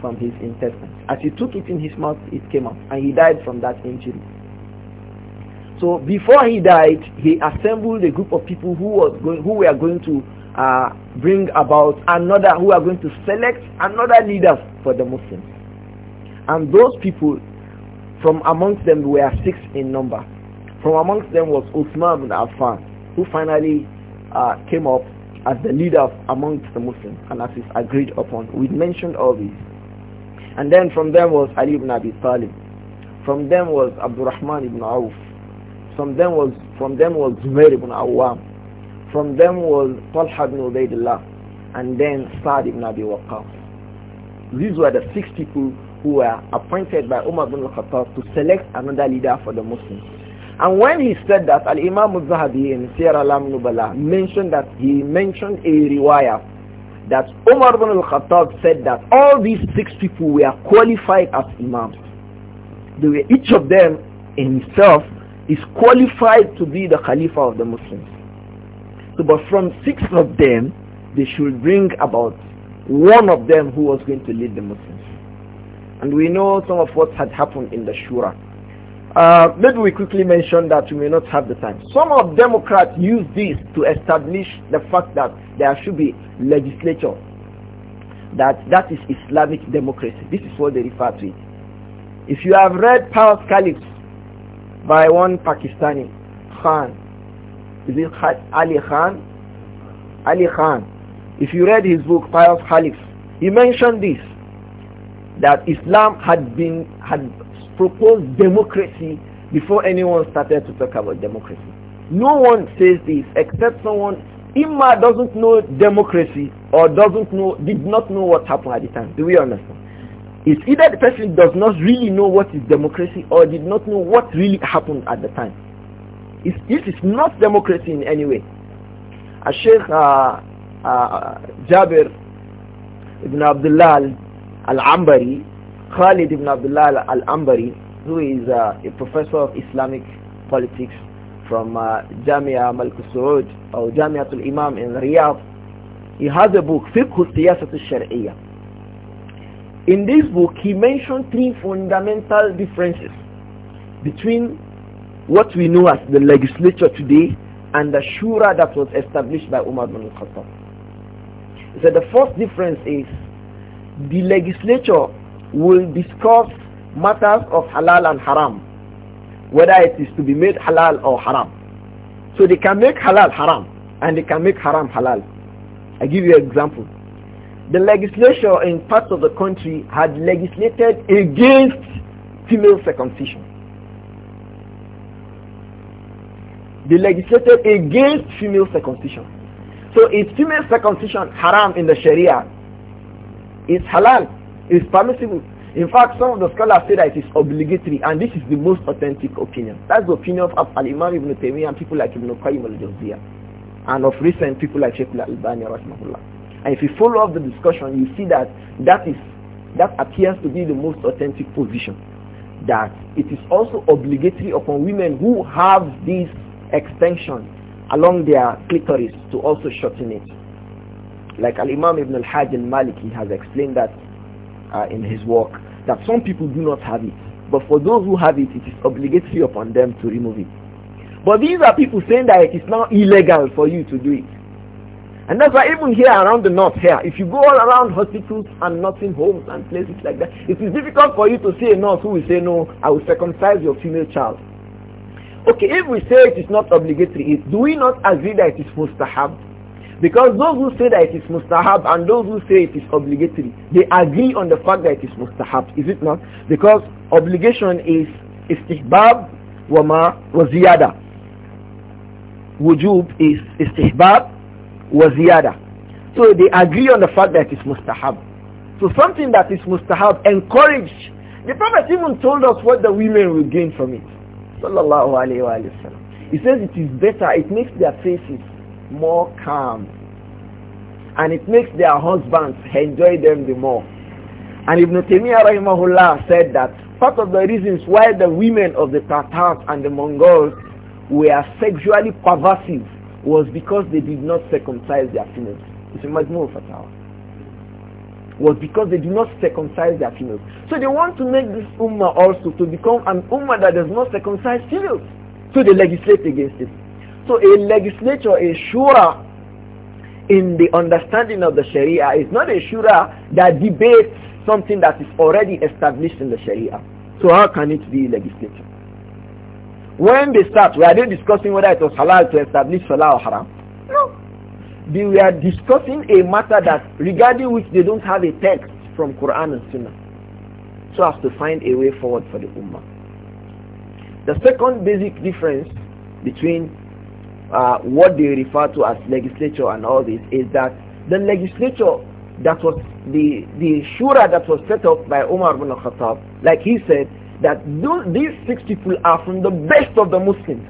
from his intestines as he took it in his mouth it came out and he died from that injury so before he died, he assembled a group of people who, was going, who were going to uh, bring about another, who are going to select another leader for the Muslims. And those people, from amongst them were six in number. From amongst them was Uthman ibn Affan, who finally uh, came up as the leader amongst the Muslims and as is agreed upon. We mentioned all these. And then from them was Ali ibn Abi Talib. From them was Abdurrahman ibn Auf from them was from them was Zubair ibn Awam, from them was Talha ibn Ubaidullah, and then Sa'd ibn Abi Waqqas. These were the six people who were appointed by Umar ibn al-Khattab to select another leader for the Muslims. And when he said that, Al-Imam al-Zahabi in Sir Alam Nubala mentioned that he mentioned a riwayah that Umar ibn al-Khattab said that all these six people were qualified as imams. They were each of them himself is qualified to be the Khalifa of the Muslims. So, but from six of them, they should bring about one of them who was going to lead the Muslims. And we know some of what had happened in the Shura. Uh, maybe we quickly mention that we may not have the time. Some of Democrats use this to establish the fact that there should be legislature. That that is Islamic democracy. This is what they refer to it. If you have read Paul's Caliphs, by one Pakistani, Khan. Is it Ali Khan? Ali Khan. If you read his book, Pious Caliphs, he mentioned this, that Islam had been, had proposed democracy before anyone started to talk about democracy. No one says this except someone Imma doesn't know democracy or doesn't know, did not know what happened at the time. Do we understand? It's either the person does not really know what is democracy or did not know what really happened at the time. It's, this is not democracy in any way. As Sheikh uh, uh, Jabir ibn Abdullah al-Ambari, Khalid ibn Abdullah al-Ambari, who is uh, a professor of Islamic politics from uh, Jamia Malik Saud or Jamiatul Imam in Riyadh. He has a book, Fiqh Siyasat al in this book, he mentioned three fundamental differences between what we know as the legislature today and the shura that was established by Umar bin al-Khattab. He said the first difference is the legislature will discuss matters of halal and haram, whether it is to be made halal or haram. So they can make halal haram and they can make haram halal. I give you an example. The legislature in parts of the country had legislated against female circumcision. They legislated against female circumcision. So is female circumcision haram in the Sharia? It's halal. It's permissible. In fact, some of the scholars say that it is obligatory, and this is the most authentic opinion. That's the opinion of Al-Imam Ibn Taymiyyah and people like Ibn Qayyim al-Jawziyah, and of recent people like Sheikh Al-Albani, rahimahullah. And if you follow up the discussion, you see that that is that appears to be the most authentic position. That it is also obligatory upon women who have this extension along their clitoris to also shorten it. Like Al-Imam Ibn al-Hajj al-Maliki has explained that uh, in his work, that some people do not have it. But for those who have it, it is obligatory upon them to remove it. But these are people saying that it is now illegal for you to do it. And that's why even here around the north here, if you go all around hospitals and nursing homes and places like that, it is difficult for you to see a nurse who will say, no, I will circumcise your female child. Okay, if we say it is not obligatory, do we not agree that it is mustahab? Because those who say that it is mustahab and those who say it is obligatory, they agree on the fact that it is mustahab, is it not? Because obligation is istihbab wama wa ziyada. Wujub is istihbab was other, So they agree on the fact that it's mustahab. So something that is mustahab, encouraged. The Prophet even told us what the women will gain from it. Sallallahu alayhi wa, He says it is better, it makes their faces more calm. And it makes their husbands enjoy them the more. And Ibn Taymiyyah rahimahullah said that part of the reasons why the women of the Tatars and the Mongols were sexually pervasive was because they did not circumcise their females. It's a majmur fatawa. Was because they did not circumcise their females. So they want to make this ummah also to become an ummah that does not circumcise females. So they legislate against it. So a legislature, a shura, in the understanding of the Sharia, is not a shura that debates something that is already established in the Sharia. So how can it be legislature? When they start, were they discussing whether it was halal to establish salah or haram? No. They were discussing a matter that regarding which they don't have a text from Quran and Sunnah. So as to find a way forward for the Ummah. The second basic difference between uh, what they refer to as legislature and all this is that the legislature that was the, the shura that was set up by Umar ibn al-Khattab, like he said, that these six people are from the best of the Muslims.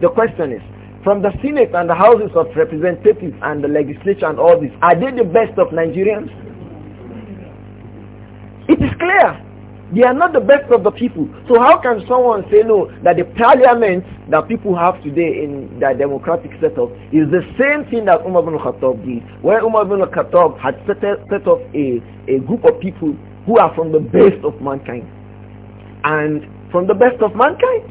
The question is, from the Senate and the Houses of Representatives and the legislature and all this, are they the best of Nigerians? It is clear. They are not the best of the people. So how can someone say no, that the parliament that people have today in the democratic setup is the same thing that Umar bin Khattab did. Where Umar bin Khattab had set, set up a, a group of people who are from the best of mankind and from the best of mankind.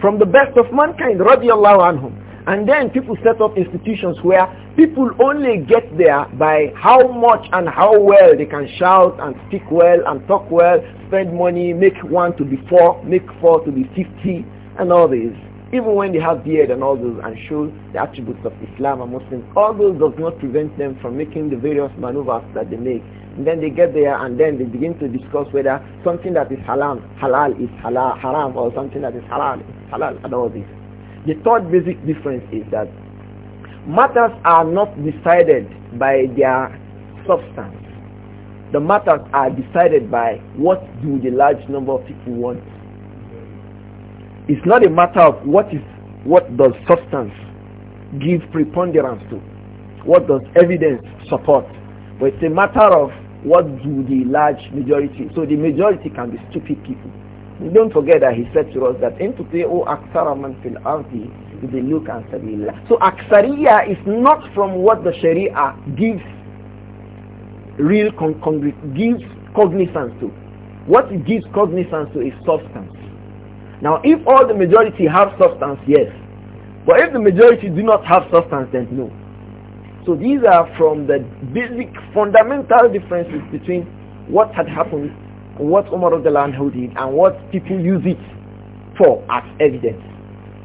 From the best of mankind, radiallahu anhum. And then people set up institutions where people only get there by how much and how well they can shout and speak well and talk well, spend money, make one to be four, make four to be fifty, and all these even when they have beard and all those and show the attributes of Islam and Muslims, all those does not prevent them from making the various maneuvers that they make. And then they get there and then they begin to discuss whether something that is halal, halal is halal, haram or something that is halal is halal and all this. The third basic difference is that matters are not decided by their substance. The matters are decided by what do the large number of people want it's not a matter of what is what does substance give preponderance to. What does evidence support? But it's a matter of what do the large majority. So the majority can be stupid people. We don't forget that he said to us that into o oh, aksara man fil ardi the look and sabillah. So aksariya is not from what the sharia gives real con- con- gives cognizance to. What it gives cognizance to is substance. Now, if all the majority have substance, yes. But if the majority do not have substance, then no. So these are from the basic fundamental differences between what had happened, what the land held in, and what people use it for as evidence.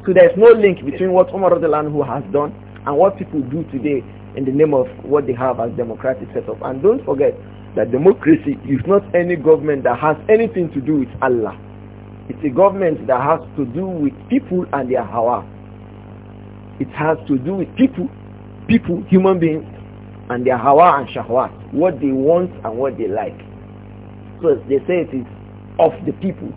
So there is no link between what Omar the land who has done and what people do today in the name of what they have as democratic setup. And don't forget that democracy is not any government that has anything to do with Allah. It's a government that has to do with people and their hawa. It has to do with people, people, human beings, and their hawa and shahwat, what they want and what they like. So they say it is of the people,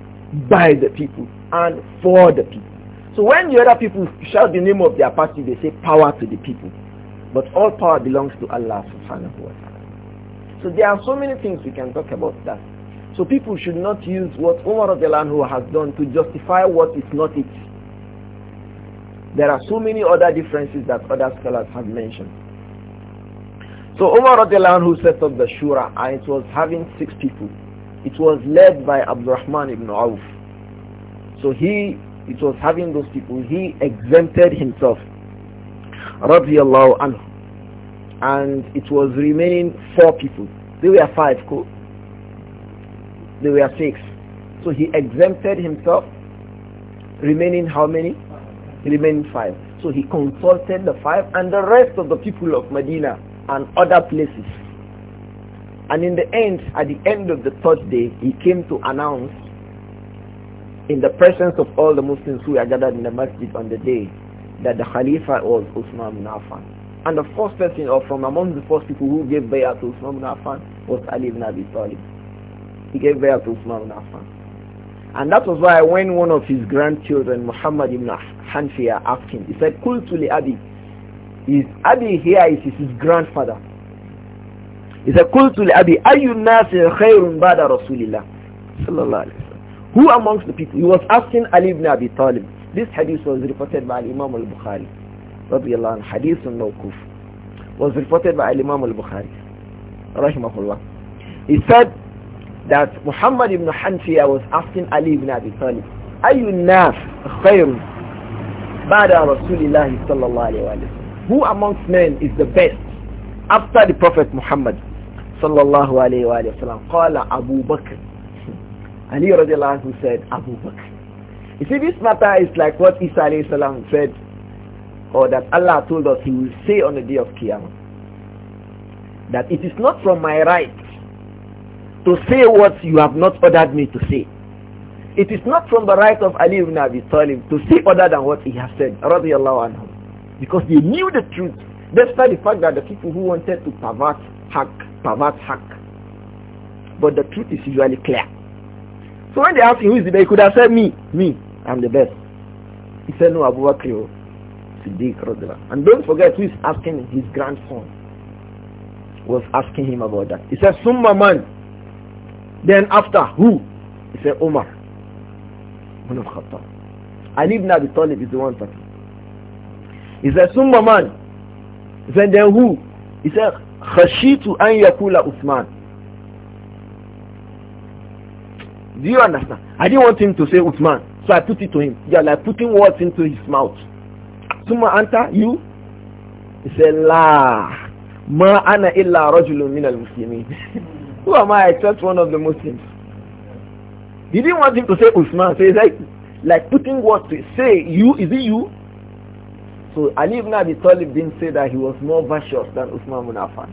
by the people, and for the people. So when the other people shout the name of their party, they say power to the people. But all power belongs to Allah subhanahu wa ta'ala. So there are so many things we can talk about that so people should not use what Umar who has done to justify what is not it. There are so many other differences that other scholars have mentioned. So Umar who set up the Shura and it was having six people. It was led by Abdurrahman ibn Awf. So he, it was having those people, he exempted himself. anhu. And it was remaining four people. They were five they were six. So he exempted himself, remaining how many? Remaining five. So he consulted the five and the rest of the people of Medina and other places. And in the end, at the end of the third day, he came to announce in the presence of all the Muslims who were gathered in the masjid on the day that the Khalifa was Uthman bin Affan. And the first person or from among the first people who gave bayat to Uthman bin Affan was Ali ibn Abi Talib. He gave birth to Uthman ibn Affan. And that was why when one of his grandchildren, Muhammad ibn Hanfiya, asked him, he said, Kultu li Abi. His Abi here is his grandfather. He said, Kultu li Abi, Ayu nasir khayrun bada Rasulillah. Sallallahu alayhi wa Who amongst the people? He was asking Ali ibn Abi Talib. This hadith was reported by Imam al-Bukhari. Radiallahu anhu. Hadith al Was reported by Imam al-Bukhari. Rahimahullah. He said, that Muhammad ibn Hanfiya was asking Ali ibn Abi Talib, أي الناس خير بعد رسول الله صلى الله عليه وسلم Who amongst men is the best after the Prophet Muhammad صلى الله عليه وآله وسلم قال أبو بكر Ali radiallahu anhu said Abu Bakr You see this matter is like what Isa alayhi salam said or that Allah told us he will say on the day of Qiyamah that it is not from my right to say what you have not ordered me to say. It is not from the right of Ali ibn Abi Talib to say other than what he has said, anhu. Because they knew the truth, despite the fact that the people who wanted to pervert hack, pervert hack. But the truth is usually clear. So when they asked him who is the best, he could have said me, me, I'm the best. He said no, Abu Bakr, Siddiq, radiallahu And don't forget who is asking his grandson was asking him about that. He said, Summa man, then after, who? He said, Omar. Ibn al-Khattab. Ali ibn Abi Talib is the one talking. He said, Summa man. Then then who? He said, Khashitu an yakula Uthman. Do you understand? I didn't want him to say Uthman. So I put it to him. Yeah, like putting words into his mouth. Summa anta, you? He said, La. Ma ana illa rajulun min al-muslimin. Who am I except one of the Muslims? He didn't want him to say Usman. So like, like putting what to say, you, is it you? So Ali ibn Abi Talib didn't say that he was more virtuous than Usman ibn Affan.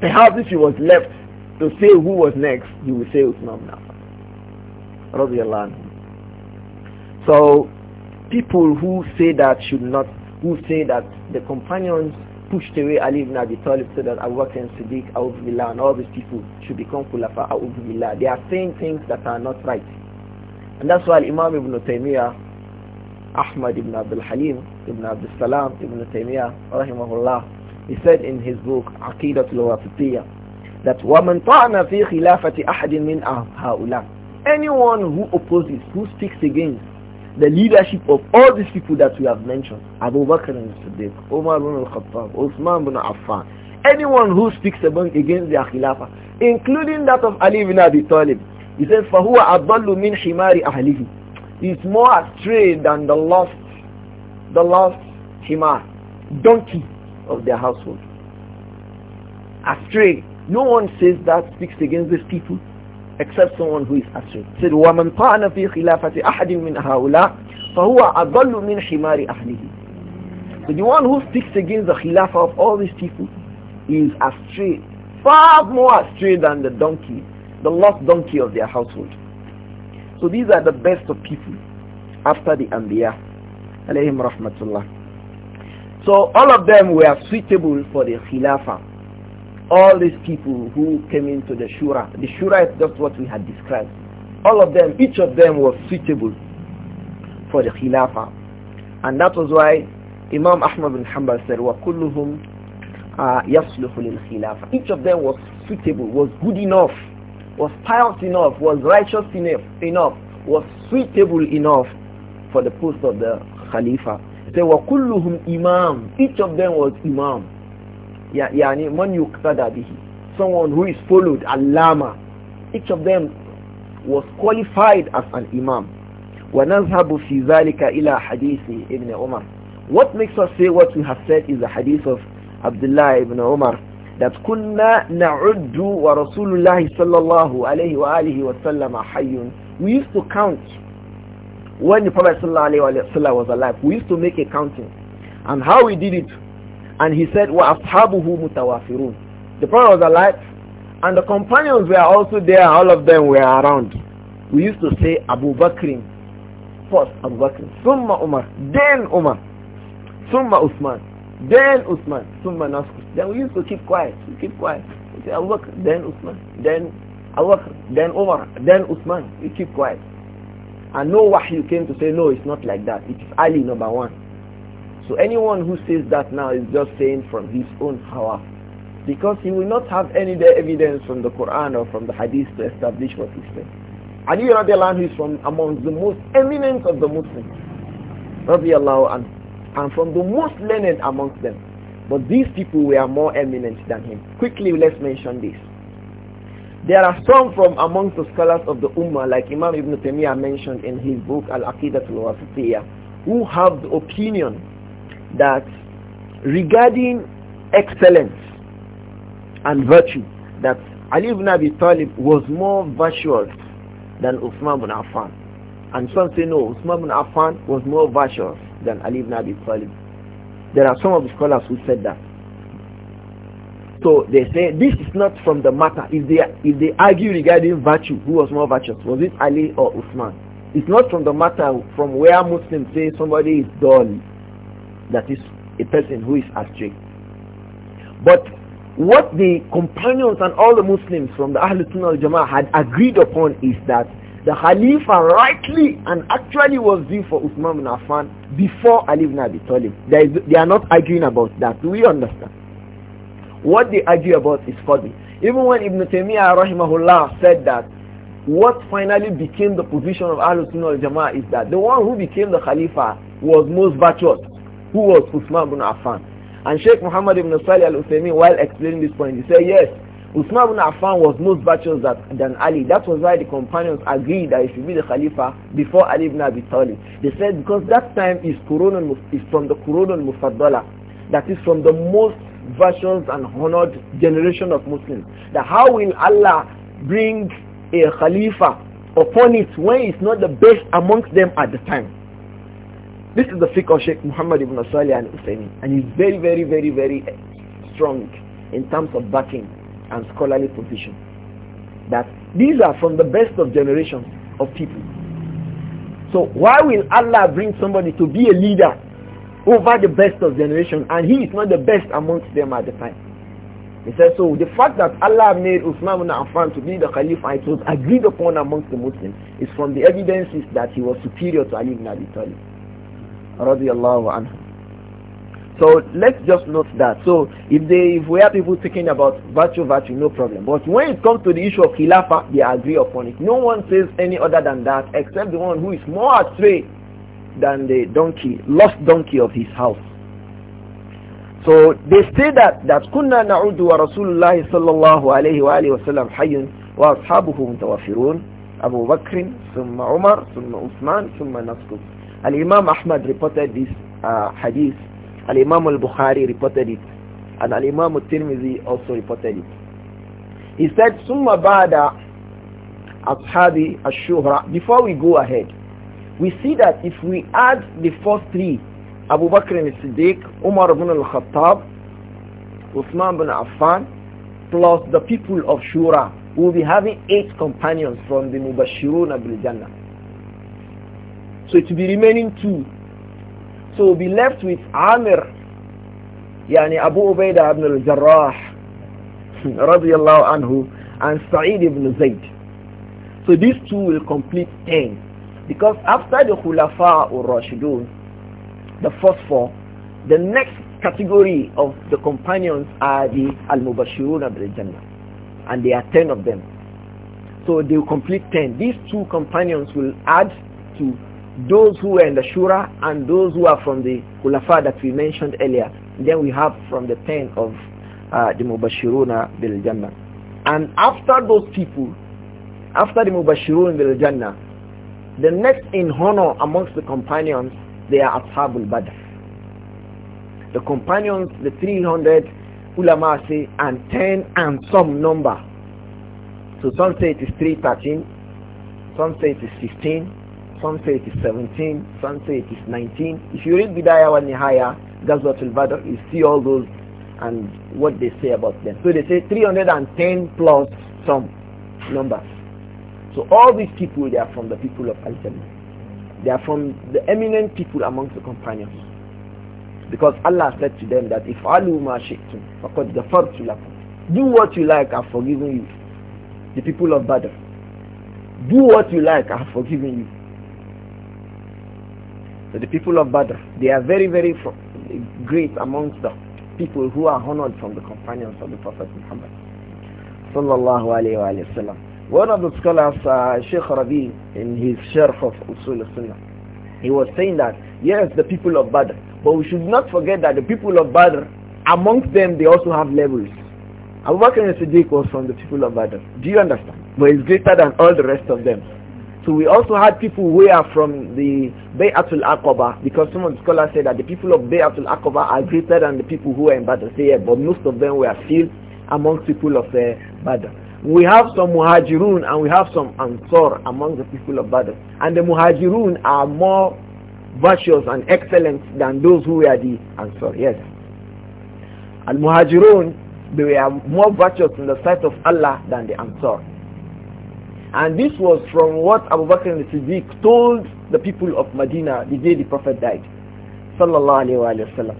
Perhaps if he was left to say who was next, he would say Usman ibn Affan. So people who say that should not, who say that the companions pushed away Ali ibn Abi Talib so that Abu Bakr and Siddiq, be Billah, and all these people should become Khulafa, Abu Billah. They are saying things that are not right. And that's why Imam ibn Taymiyyah, Ahmad ibn Abdul Halim, ibn Abdul Salam, ibn Taymiyyah, rahimahullah, he said in his book, Aqidatul Wafiqiyah, that وَمَنْ طَعْنَ فِي خِلَافَةِ أَحَدٍ مِنْ هَؤُلَاءِ Anyone who opposes, who speaks against the leadership of all these people that we have mentioned, Abu Bakr and Siddiq, Omar bin al-Khattab, Uthman bin Affan, anyone who speaks against the Khilafah, including that of Ali bin Abi Talib, he says, فَهُوَ أَضَلُّ مِنْ حِمَارِ أَهْلِهِ He more astray than the lost, the lost himar, donkey of their household. Astray. No one says that speaks against these people except someone who is astray. He said, وَمَنْ طَعَنَ فِي خِلَافَةِ أَحَدٍ مِنْ هَؤُلَاءِ فَهُوَ أَضَلُّ مِنْ حِمَارِ أَهْلِهِ So the one who speaks against the khilafah of all these people is astray, far more astray than the donkey, the lost donkey of their household. So these are the best of people after the Anbiya. Alayhim rahmatullah. So all of them were suitable for the Khilafah all these people who came into the shura, the shura is just what we had described. All of them, each of them was suitable for the khilafah. And that was why Imam Ahmad bin Hanbal said, wa وَكُلُّهُمْ uh, lil لِلْخِلَافَةِ Each of them was suitable, was good enough, was pious enough, was righteous enough, enough was suitable enough for the post of the Khalifa. They were kulluhum imam. Each of them was imam yani man yuqtada bihi someone who is followed a lama, each of them was qualified as an imam ونذهب في ذلك إلى حديث Ibn عمر what makes us say what we have said is the hadith of Abdullah ibn Umar that kunna نعد wa الله صلى الله عليه وآله وسلم حي we used to count when the Prophet sallallahu الله عليه was alive we used to make a counting and how we did it and he said wa ashabuhu mutawafirun the prophet was alive and the companions were also there all of them were around we used to say abu bakr first abu bakr summa umar then umar summa usman then usman summa nasr then we used to keep quiet we keep quiet we say abu bakr then usman then abu bakr then umar then usman we keep quiet and no wahyu came to say no it's not like that it is ali number one so anyone who says that now is just saying from his own hawa. Because he will not have any evidence from the Quran or from the Hadith to establish what he said. the radiallahu is from among the most eminent of the Muslims. Radiallahu and And from the most learned amongst them. But these people were more eminent than him. Quickly, let's mention this. There are some from amongst the scholars of the Ummah, like Imam Ibn Taymiyyah mentioned in his book Al-Aqidatul Wasitiyah, who have the opinion that regarding excellence and virtue, that Ali ibn Abi Talib was more virtuous than Uthman ibn Affan. And some say no, Uthman ibn Affan was more virtuous than Ali ibn Abi Talib. There are some of the scholars who said that. So they say this is not from the matter. If they if they argue regarding virtue, who was more virtuous? Was it Ali or Uthman? It's not from the matter from where Muslims say somebody is dull that is a person who is astray. But what the companions and all the Muslims from the Ahlul Sunnah al-Jama'ah had agreed upon is that the Khalifa rightly and actually was due for Uthman bin Affan before Ali ibn Abi Talib. They, they are not arguing about that. We understand. What they argue about is Qadri. Even when Ibn Taymiyyah rahimahullah said that what finally became the position of Ahlul Sunnah al-Jama'ah is that the one who became the Khalifa was most virtuous who was Usman ibn Affan. And Sheikh Muhammad ibn Salih al-Uthaymeen, while explaining this point, he said, yes, Usman ibn Affan was more virtuous than Ali. That was why the companions agreed that he should be the Khalifa before Ali ibn Abi Talib. They said, because that time is, is from the Qurun al-Mufaddala, that is from the most virtuous and honored generation of Muslims. That how will Allah bring a Khalifa upon it when it's not the best amongst them at the time? This is the fiqh of Sheikh Muhammad ibn Asali and Usaini. And he's very, very, very, very strong in terms of backing and scholarly position. That these are from the best of generations of people. So why will Allah bring somebody to be a leader over the best of generation and he is not the best amongst them at the time? He says, so the fact that Allah made Uthman ibn Affan to be the caliph and it was agreed upon amongst the Muslims is from the evidences that he was superior to Ali ibn Abi Talib radiallahu anhu. So let's just note that. So if they if we have people talking about virtue, virtue, no problem. But when it comes to the issue of khilafah, they agree upon it. No one says any other than that except the one who is more astray than the donkey, lost donkey of his house. So they say that that kunna na'udu wa Rasulullah sallallahu alayhi wa alihi wa sallam hayyun wa ashabuhu mutawafirun Abu Bakr, summa umar summa Uthman, summa نسكت. Al-Imam Ahmad reported this uh, hadith. Al-Imam al-Bukhari reported it. And Al-Imam al Tirmizi also reported it. He said, ثُمَّ بَعْدَ ash-Shura." Before we go ahead, we see that if we add the first three, Abu Bakr al-Siddiq, Umar ibn al-Khattab, Uthman ibn Affan, plus the people of Shura, we will be having eight companions from the Mubashirun bil Jannah. So it will be remaining two. So we'll be left with Amir, yani Abu Ubaidah ibn al-Jarrah, radiallahu anhu, and Sa'id ibn Zayd. So these two will complete ten. Because after the Khulafa or Rashidun, the first four, the next category of the companions are the Al-Mubashirun al-Jannah. And there are ten of them. So they will complete ten. These two companions will add to those who were in the Shura and those who are from the Khulafa that we mentioned earlier. Then we have from the pen of uh, the Mubashiruna bil Jannah. And after those people, after the Mubashiruna bil Jannah, the next in honor amongst the companions, they are Ashabul Badr. The companions, the 300 ulama say, and 10 and some number. So some say it is 313, some say it is 15, some say it is 17, some say it is 19. If you read Bidayah wa Nihaya, that's what will Badr, you see all those and what they say about them. So they say 310 plus some numbers. So all these people, they are from the people of Al-Jannah. They are from the eminent people amongst the companions. Because Allah said to them that if alu ma shi'tum faqad ghafartu lakum. Do what you like, I've forgiven you. The people of Badr. Do what you like, I've forgiven you. So the people of Badr, they are very, very great amongst the people who are honored from the companions of the Prophet Muhammad. Sallallahu alayhi wa, One of the scholars, uh, Sheikh Rabi, in his Sharh of Usul Sunnah, he was saying that, yes, the people of Badr, but we should not forget that the people of Badr, amongst them, they also have levels. Abu Bakr al-Siddiq was from the people of Badr. Do you understand? But he's greater than all the rest of them. So we also had people who are from the Bayatul Aqaba because some of the scholars said that the people of Bayatul Aqaba are greater than the people who are in Badr. Say, yeah, but most of them were still among people of uh, Badr. We have some Muhajirun and we have some Ansar among the people of Badr. And the Muhajirun are more virtuous and excellent than those who were the Ansar. Yes. Al-Muhajirun, they were more virtuous in the sight of Allah than the Ansar. And this was from what Abu Bakr al-Siddiq told the people of Medina the day the Prophet died. Sallallahu alayhi wa sallam.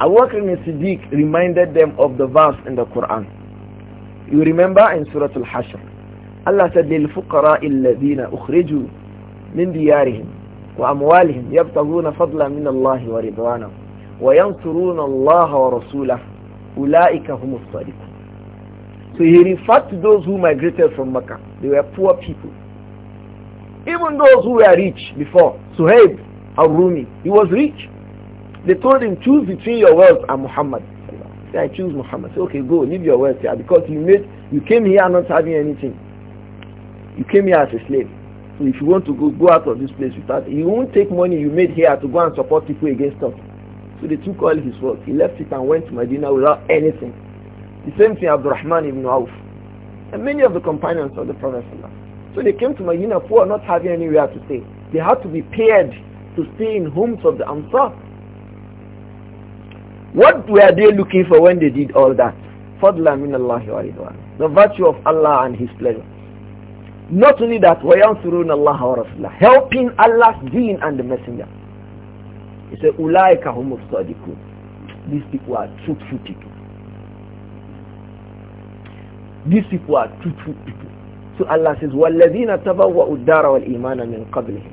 Abu Bakr al-Siddiq reminded them of the verse in the Quran. You remember in Surah Al-Hashr. Allah said للفقراء الذين أخرجوا من ديارهم وأموالهم يبتغون فضلا من الله ورضوانه وينصرون الله ورسوله أولئك هم الصادقون so he referred to those who migrated from Mecca. They were poor people. Even those who were rich before, Suhaib al-Rumi, he was rich. They told him, choose between your wealth and Muhammad. Say, I choose Muhammad. Say, okay, go, leave your wealth here because you made, you came here not having anything. You came here as a slave. So if you want to go, go out of this place without, you won't take money you made here to go and support people against us. So they took all his wealth. He left it and went to Medina without anything. The same thing Abdurrahman ibn Auf. And many of the companions of the Prophet So they came to Medina poor, not having anywhere to stay. They had to be paired to stay in homes of the Ansar. What were they looking for when they did all that? Fadla min Allah wa The virtue of Allah and His pleasure. Not only that, Allah wa Rasulah, Helping Allah's deen and the messenger. He said, أُولَٰئِكَ humus الصَّادِقُونَ These people are truthful people. These people are truthful people. So Allah says, وَالَّذِينَ تَبَوَّأُوا الدَّارَ وَالْإِيمَانَ مِنْ قَبْلِهِمْ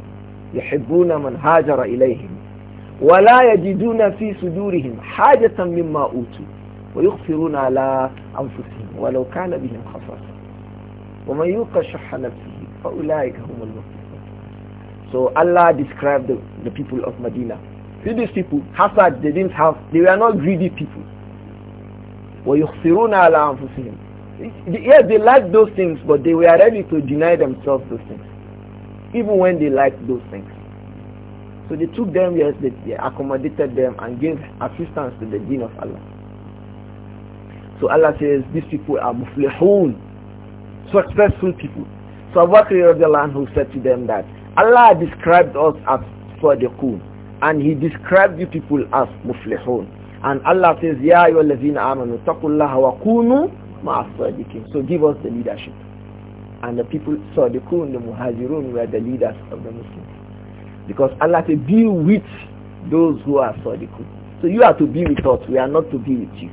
يحبون من هاجر إليهم ولا يجدون في صدورهم حاجة مما أوتوا ويغفرون على أنفسهم ولو كان بهم خَصَاصًا ومن يوق شح نفسه فأولئك هم المفلحون So Allah described the, the people of Medina. See these people, hazard they didn't have, they were not greedy people. ويغفرون على أنفسهم Yes, they liked those things, but they were ready to deny themselves those things, even when they liked those things. So they took them, yes, they, they accommodated them and gave assistance to the deen of Allah. So Allah says, these people are muflihun, successful people. So Abu Bakr who said to them that Allah described us as sadiqun and he described you people as muflihun. And Allah says, Ya ayyuhallazina amanu taqullaha wa kunu the king, So give us the leadership. And the people, so the Qur'an, the Muhajirun were the leaders of the Muslims. Because Allah said, be with those who are Sadiqun. So you are to be with us, we are not to be with you.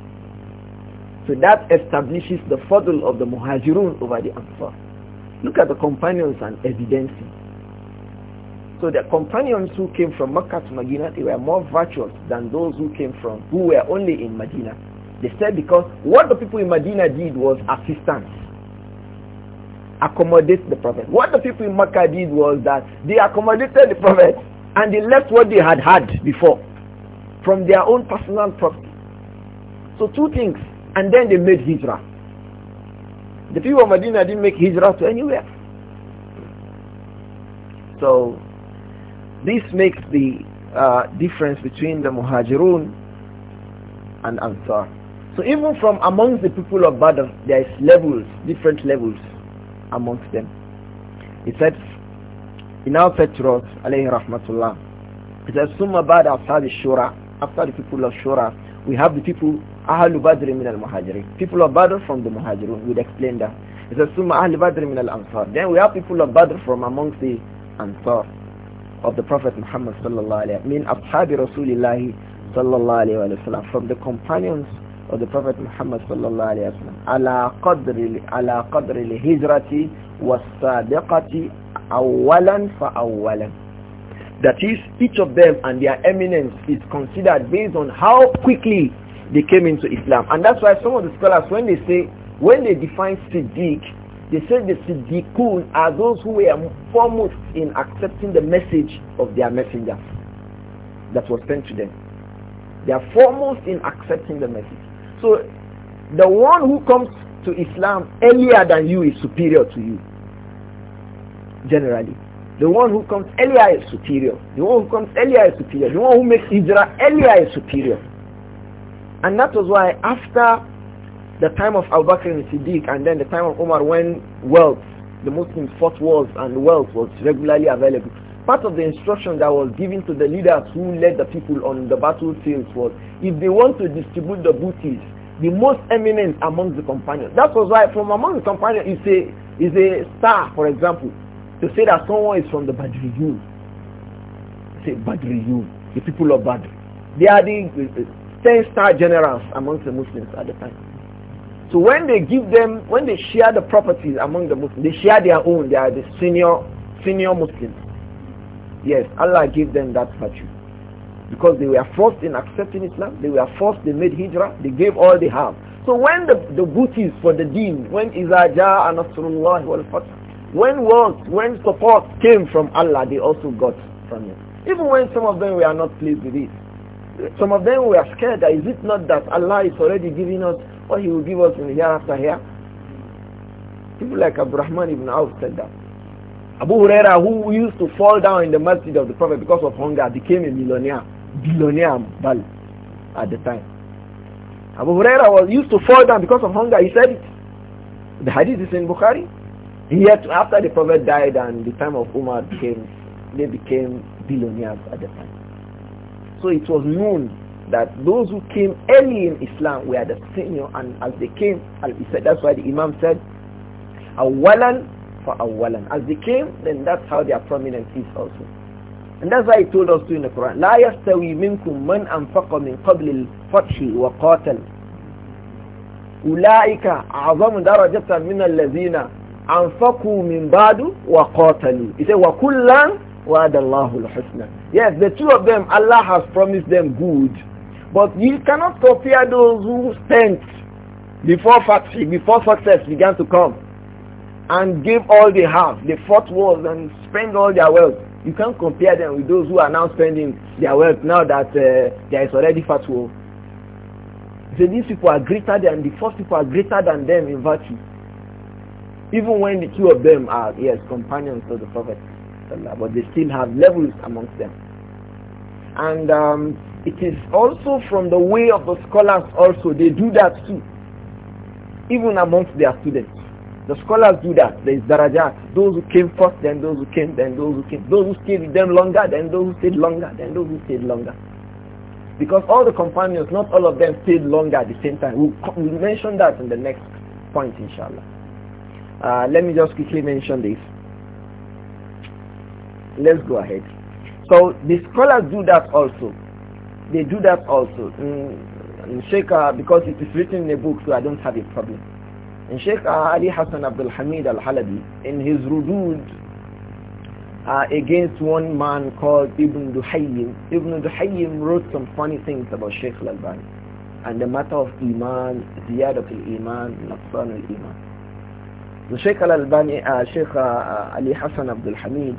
So that establishes the fadl of the Muhajirun over the Ansar. Look at the companions and evidencing. So the companions who came from Makkah to Medina, they were more virtuous than those who came from, who were only in Medina. They said because what the people in Medina did was assistance. Accommodate the Prophet. What the people in Mecca did was that they accommodated the Prophet and they left what they had had before from their own personal property. So two things. And then they made hijrah. The people of Medina didn't make hijrah to anywhere. So this makes the uh, difference between the muhajirun and ansar. So even from amongst the people of Badr, there is levels, different levels amongst them. He said, in our said alayhi rahmatullah, he said, summa after the shura, after the people of shura, we have the people, ahlu badr min al-muhajirin, people of Badr from the muhajirun, we'd explain that. He said, summa ahlu badr min al-ansar. Then we have people of Badr from amongst the ansar of the Prophet Muhammad sallallahu alayhi wa sallam, min ashabi rasulillahi sallallahu alayhi wa sallam, from the companions of the Prophet Muhammad sallallahu alayhi wa ala qadri, ala qadri li hijrati was sadiqati awalan fa awalan. That is, each of them and their eminence is considered based on how quickly they came into Islam. And that's why some of the scholars, when they say, when they define Siddiq, they say the Siddiqun are those who were foremost in accepting the message of their messenger that was sent to them. They are foremost in accepting the message. So the one who comes to Islam earlier than you is superior to you. Generally. The one who comes earlier is superior. The one who comes earlier is superior. The one who makes Hijrah earlier is superior. And that was why after the time of Abu Bakr and Siddiq and then the time of Umar when wealth, the Muslims fought wars and wealth was regularly available. Part of the instruction that was given to the leaders who led the people on the battlefield was if they want to distribute the booty, the most eminent among the companions. That was why from among the companions is a, is a star, for example, to say that someone is from the Badriyun. Say Badriyun, the people of Badr. They are the 10-star uh, uh, generals amongst the Muslims at the time. So when they give them, when they share the properties among the Muslims, they share their own. They are the senior, senior Muslims. Yes, Allah gave them that virtue. Because they were forced in accepting Islam, they were forced, they made hijrah, they gave all they have. So when the, the booty for the deen, when Iza and Nasrullah wal when wealth, when support came from Allah, they also got from it. Even when some of them were not pleased with it. Some of them were scared that is it not that Allah is already giving us what he will give us in the hereafter here? People like Abrahman ibn Auf said that. Abu Huraira, who used to fall down in the masjid of the Prophet because of hunger, became a millionaire, billionaire Bal, at the time. Abu Huraira was used to fall down because of hunger. He said it. The hadith is in Bukhari. Yet after the Prophet died and the time of Umar came, they became billionaires at the time. So it was known that those who came early in Islam were the senior and as they came, he said, that's why the Imam said, أولا فأولا as they came then that's how their prominence is also and that's why he told us too in the Quran لا يستوي منكم من أنفق من قبل الفتح وقاتل أولئك أعظم درجة من الذين أنفقوا من بعد وقاتلوا he said وكلا وعد الله الحسنى yes the two of them Allah has promised them good but you cannot compare those who spent before factory, before success began to come and give all they have. They fought wars and spend all their wealth. You can't compare them with those who are now spending their wealth now that uh, there is already fatwa. the these people are greater than the first people are greater than them in virtue. Even when the two of them are yes companions of the Prophet, but they still have levels amongst them. And um, it is also from the way of the scholars also they do that too, even amongst their students the scholars do that. There is darajat. Those who came first, then those who came, then those who came. Those who stayed with them longer, then those who stayed longer, then those who stayed longer. Because all the companions, not all of them stayed longer at the same time. We'll, we'll mention that in the next point, inshallah. Uh, let me just quickly mention this. Let's go ahead. So the scholars do that also. They do that also. Mm, Sheikh, because it is written in a book, so I don't have a problem. And Sheikh Ali Hassan Abdul Hamid Al-Halabi, in his Rudud uh, against one man called Ibn Duhayyim, Ibn Duhayyim wrote some funny things about Sheikh Al-Albani and the matter of Iman, Ziyadat al-Iman, Naqsan al-Iman. So Sheikh Al-Albani, uh, Sheikh uh, Ali Hassan Abdul Hamid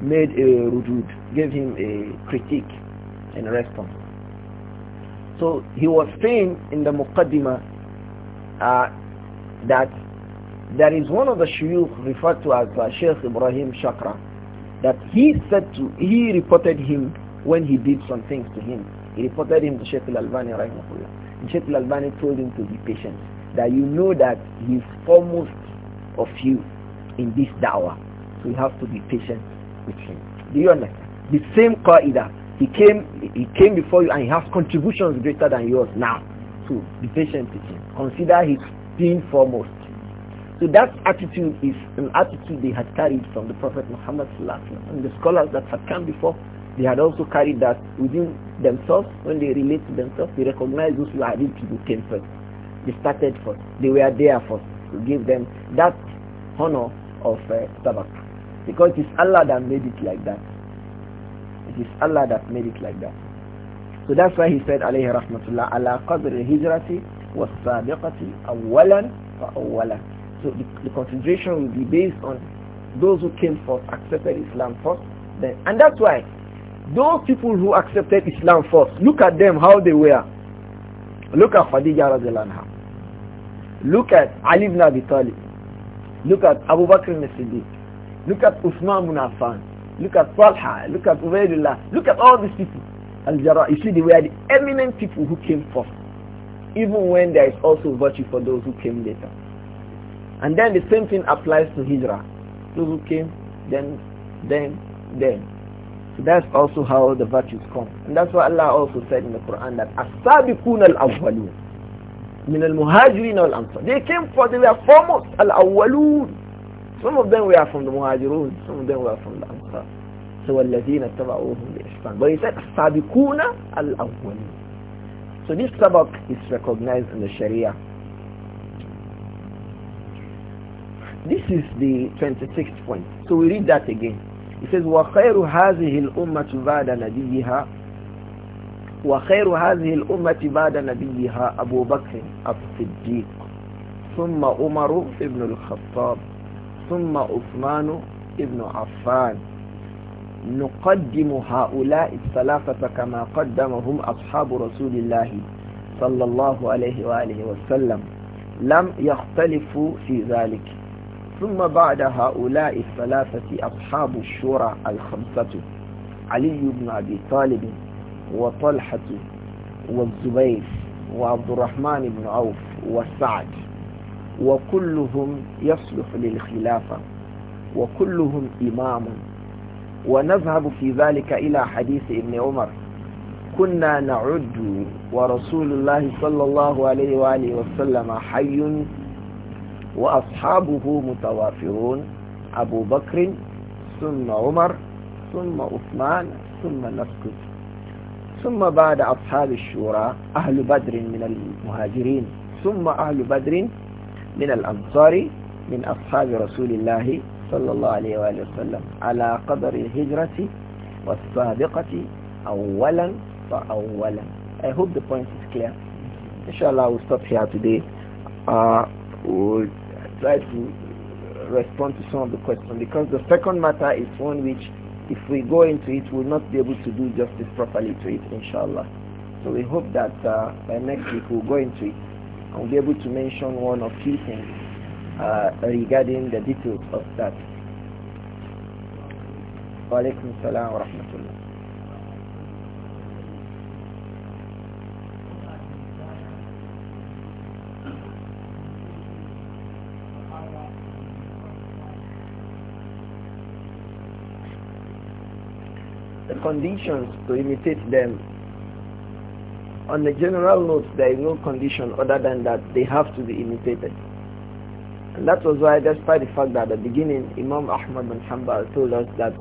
made a rudud, gave him a critique in response. So he was saying in the Muqaddimah, uh, that there is one of the shuyukh referred to as uh, Sheikh Ibrahim Shakra that he said to, he reported him when he did some things to him. He reported him to Sheikh Al-Albani And Sheikh Al-Albani told him to be patient. That you know that he's foremost of you in this dawah. So you have to be patient with him. Do you understand? The same qaida. He came, he came before you and he has contributions greater than yours now. So be patient with him. Consider his being foremost. So that attitude is an attitude they had carried from the Prophet Muhammad and the scholars that had come before they had also carried that within themselves when they relate to themselves they recognize those who are rich who came first they started first they were there first to give them that honor of uh, because it is allah that made it like that it is allah that made it like that so that's why he said alayhi rahmatullah ala qadr hijrati أولا فأولا so the, the consideration will be based on those who came first accepted Islam first then and that's why those people who accepted Islam first look at them how they were look at Khadija anha look at Ali ibn Abi Talib look at Abu Bakr al-Siddiq look at Uthman ibn Affan look at Talha look at Ubaydullah look at all these people al-Jara you see they were the eminent people who came first even when there is also virtue for those who came later. And then the same thing applies to Hijrah. Those who came, then, then, then. So that's also how the virtues come. And that's why Allah also said in the Quran that As-sabiqun al-awwalun min al-muhajirin al ansar They came for they were foremost al-awwalun. Some of them were from the muhajirun, some of them were from the ansar. So الَّذِينَ اتَّبَعُوهُمْ بِإِحْسَانٍ But he said As-sabiqun al-awwalun. So this sabak is recognized in the Sharia. This is the 26th point. So we read that again. It says, وَخَيْرُ هَذِهِ الْأُمَّةُ بَعْدَ نَبِيِّهَا وَخَيْرُ هَذِهِ الْأُمَّةِ بَعْدَ نَبِيِّهَا أَبُو بَكْرٍ الصِّدِّيقُ ثم عمر ابن الخطاب ثم عثمان ابن عفان نقدم هؤلاء الثلاثة كما قدمهم أصحاب رسول الله صلى الله عليه وآله وسلم لم يختلفوا في ذلك ثم بعد هؤلاء الثلاثة أصحاب الشورى الخمسة علي بن أبي طالب وطلحة والزبير وعبد الرحمن بن عوف وسعد وكلهم يصلح للخلافة وكلهم إمام ونذهب في ذلك إلى حديث ابن عمر كنا نعد ورسول الله صلى الله عليه وآله وسلم حي وأصحابه متوافرون أبو بكر ثم عمر ثم عثمان ثم نسكت ثم بعد أصحاب الشورى أهل بدر من المهاجرين ثم أهل بدر من الأنصار من أصحاب رسول الله صلى الله عليه وآله وسلم على قدر الهجرة والسابقة أولا فأولا I hope the point is clear Inshallah we'll stop here today uh, we'll try to respond to some of the questions because the second matter is one which if we go into it we'll not be able to do justice properly to it inshallah so we hope that uh, by next week we'll go into it and we'll be able to mention one or two things uh, regarding the details of that. Walaikum salam wa rahmatullah. The conditions to imitate them on the general note there is no condition other than that they have to be imitated and that was why, despite the fact that at the beginning, Imam Ahmad bin Hanbal told us that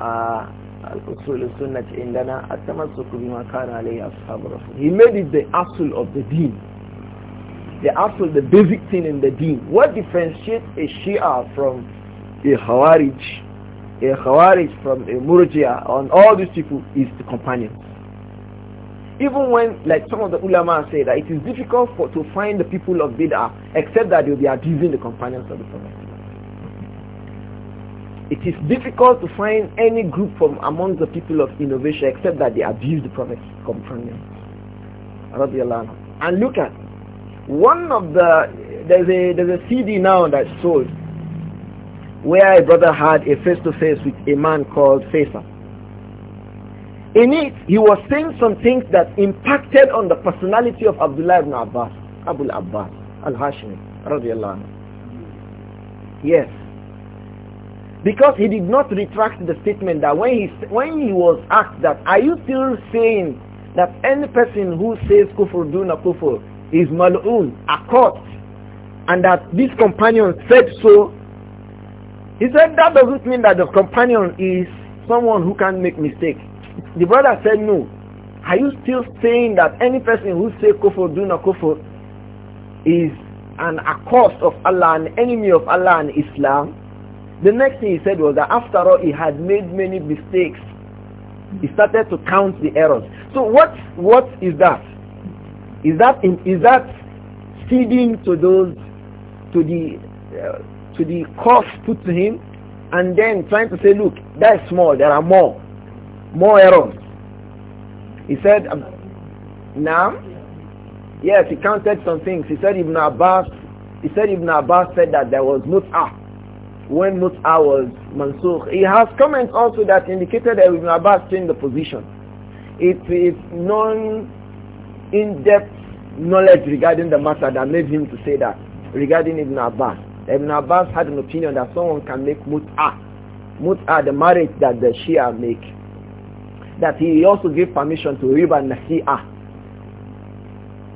uh, Al-Usul Sunnah Indana At-Tamasuku He made it the asul of the deen. The asul, the basic thing in the deen. What differentiates a Shia from a Khawarij, a Khawarij from a murjiya, and all these people is the companions. Even when, like some of the ulama say that it is difficult for, to find the people of bid'ah, except that they'll be abusing the companions of the Prophet. It is difficult to find any group from among the people of innovation except that they abuse the Prophet's companions. And look at one of the there's a there's a CD now that's sold where a brother had a face to face with a man called Faisal in it, he was saying some things that impacted on the personality of Abdullah ibn Abbas, Abu Abbas al-Hashmi, radiallahu anhu. Yes. Because he did not retract the statement that when he, when he was asked that, are you still saying that any person who says kufr duna kufr is mal'un, accursed, and that this companion said so, he said that doesn't mean that the companion is someone who can make mistakes. The brother said, no. Are you still saying that any person who say kufr, do not is an accursed of Allah, an enemy of Allah and Islam? The next thing he said was that after all, he had made many mistakes. He started to count the errors. So what, what is that? Is that, in, is that ceding to those, to the, uh, to the cost put to him, and then trying to say, look, that's small, there are more more errors. He said, um, now, yes, he counted some things. He said Ibn Abbas, he said Ibn Abbas said that there was mut'ah when mut'ah was mansukh. He has comments also that indicated that Ibn Abbas changed the position. It is non-in-depth knowledge regarding the matter that made him to say that regarding Ibn Abbas. Ibn Abbas had an opinion that someone can make mut'ah. Mut'ah, the marriage that the Shia make that he also gave permission to riba nasi'ah.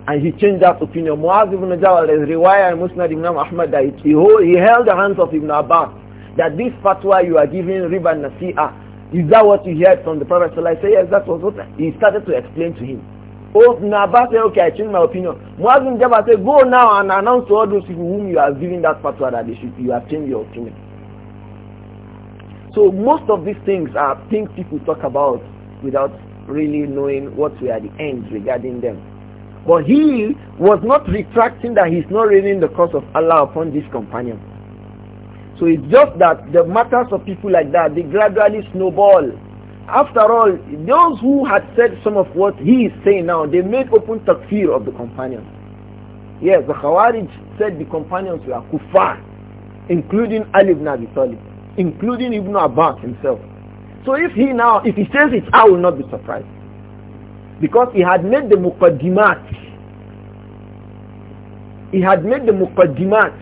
And he changed that opinion. Muaz ibn Jawal is riwayah Musnad Imam Ahmad that he, he held the hands of Ibn Abbas that this fatwa you are giving riba nasi'ah is that what you heard from the Prophet? So I say, yes, that was what he started to explain to him. Oh, Abbas said, okay, I changed my opinion. ibn Jabba said, go now and announce to all those people whom you are giving that fatwa that they should, you have changed your opinion. So most of these things are things people talk about without really knowing what were the ends regarding them. But he was not retracting that he's not raining the curse of Allah upon this companion. So it's just that the matters of people like that, they gradually snowball. After all, those who had said some of what he is saying now, they made open takfir of the companions. Yes, the Khawarij said the companions were kuffar, including Ali ibn Abi Talib, including Ibn Abbas himself. So if he now, if he says it, I will not be surprised. Because he had made the muqaddimat. He had made the muqaddimat.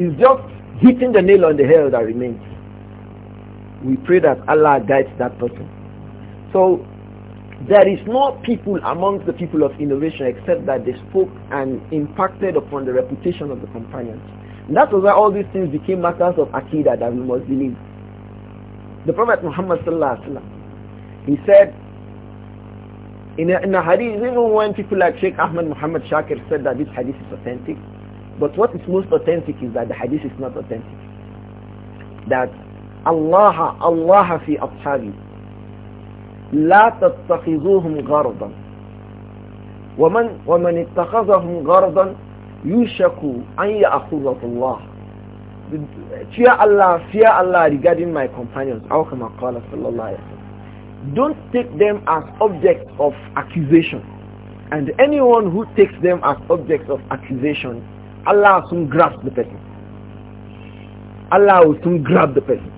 It's just hitting the nail on the head that remains. We pray that Allah guides that person. So there is no people amongst the people of innovation except that they spoke and impacted upon the reputation of the companions. And that was why all these things became matters of akidah that we must believe. The Prophet Muhammad sallallahu alaihi wasallam, he said in a, in a hadith, even when people like Sheikh Ahmed Muhammad Shakir said that this hadith is authentic, but what is most authentic is that the hadith is not authentic. That Allah, Allah fi ashabi, لا تتخذوهم غرضا ومن ومن اتخذهم غرضا يوشك أن يأخذه الله fear Allah, fear Allah regarding my companions. How come Allah sallallahu alayhi Don't take them as objects of accusation. And anyone who takes them as objects of accusation, Allah will soon grasp the person. Allah will soon grab the person.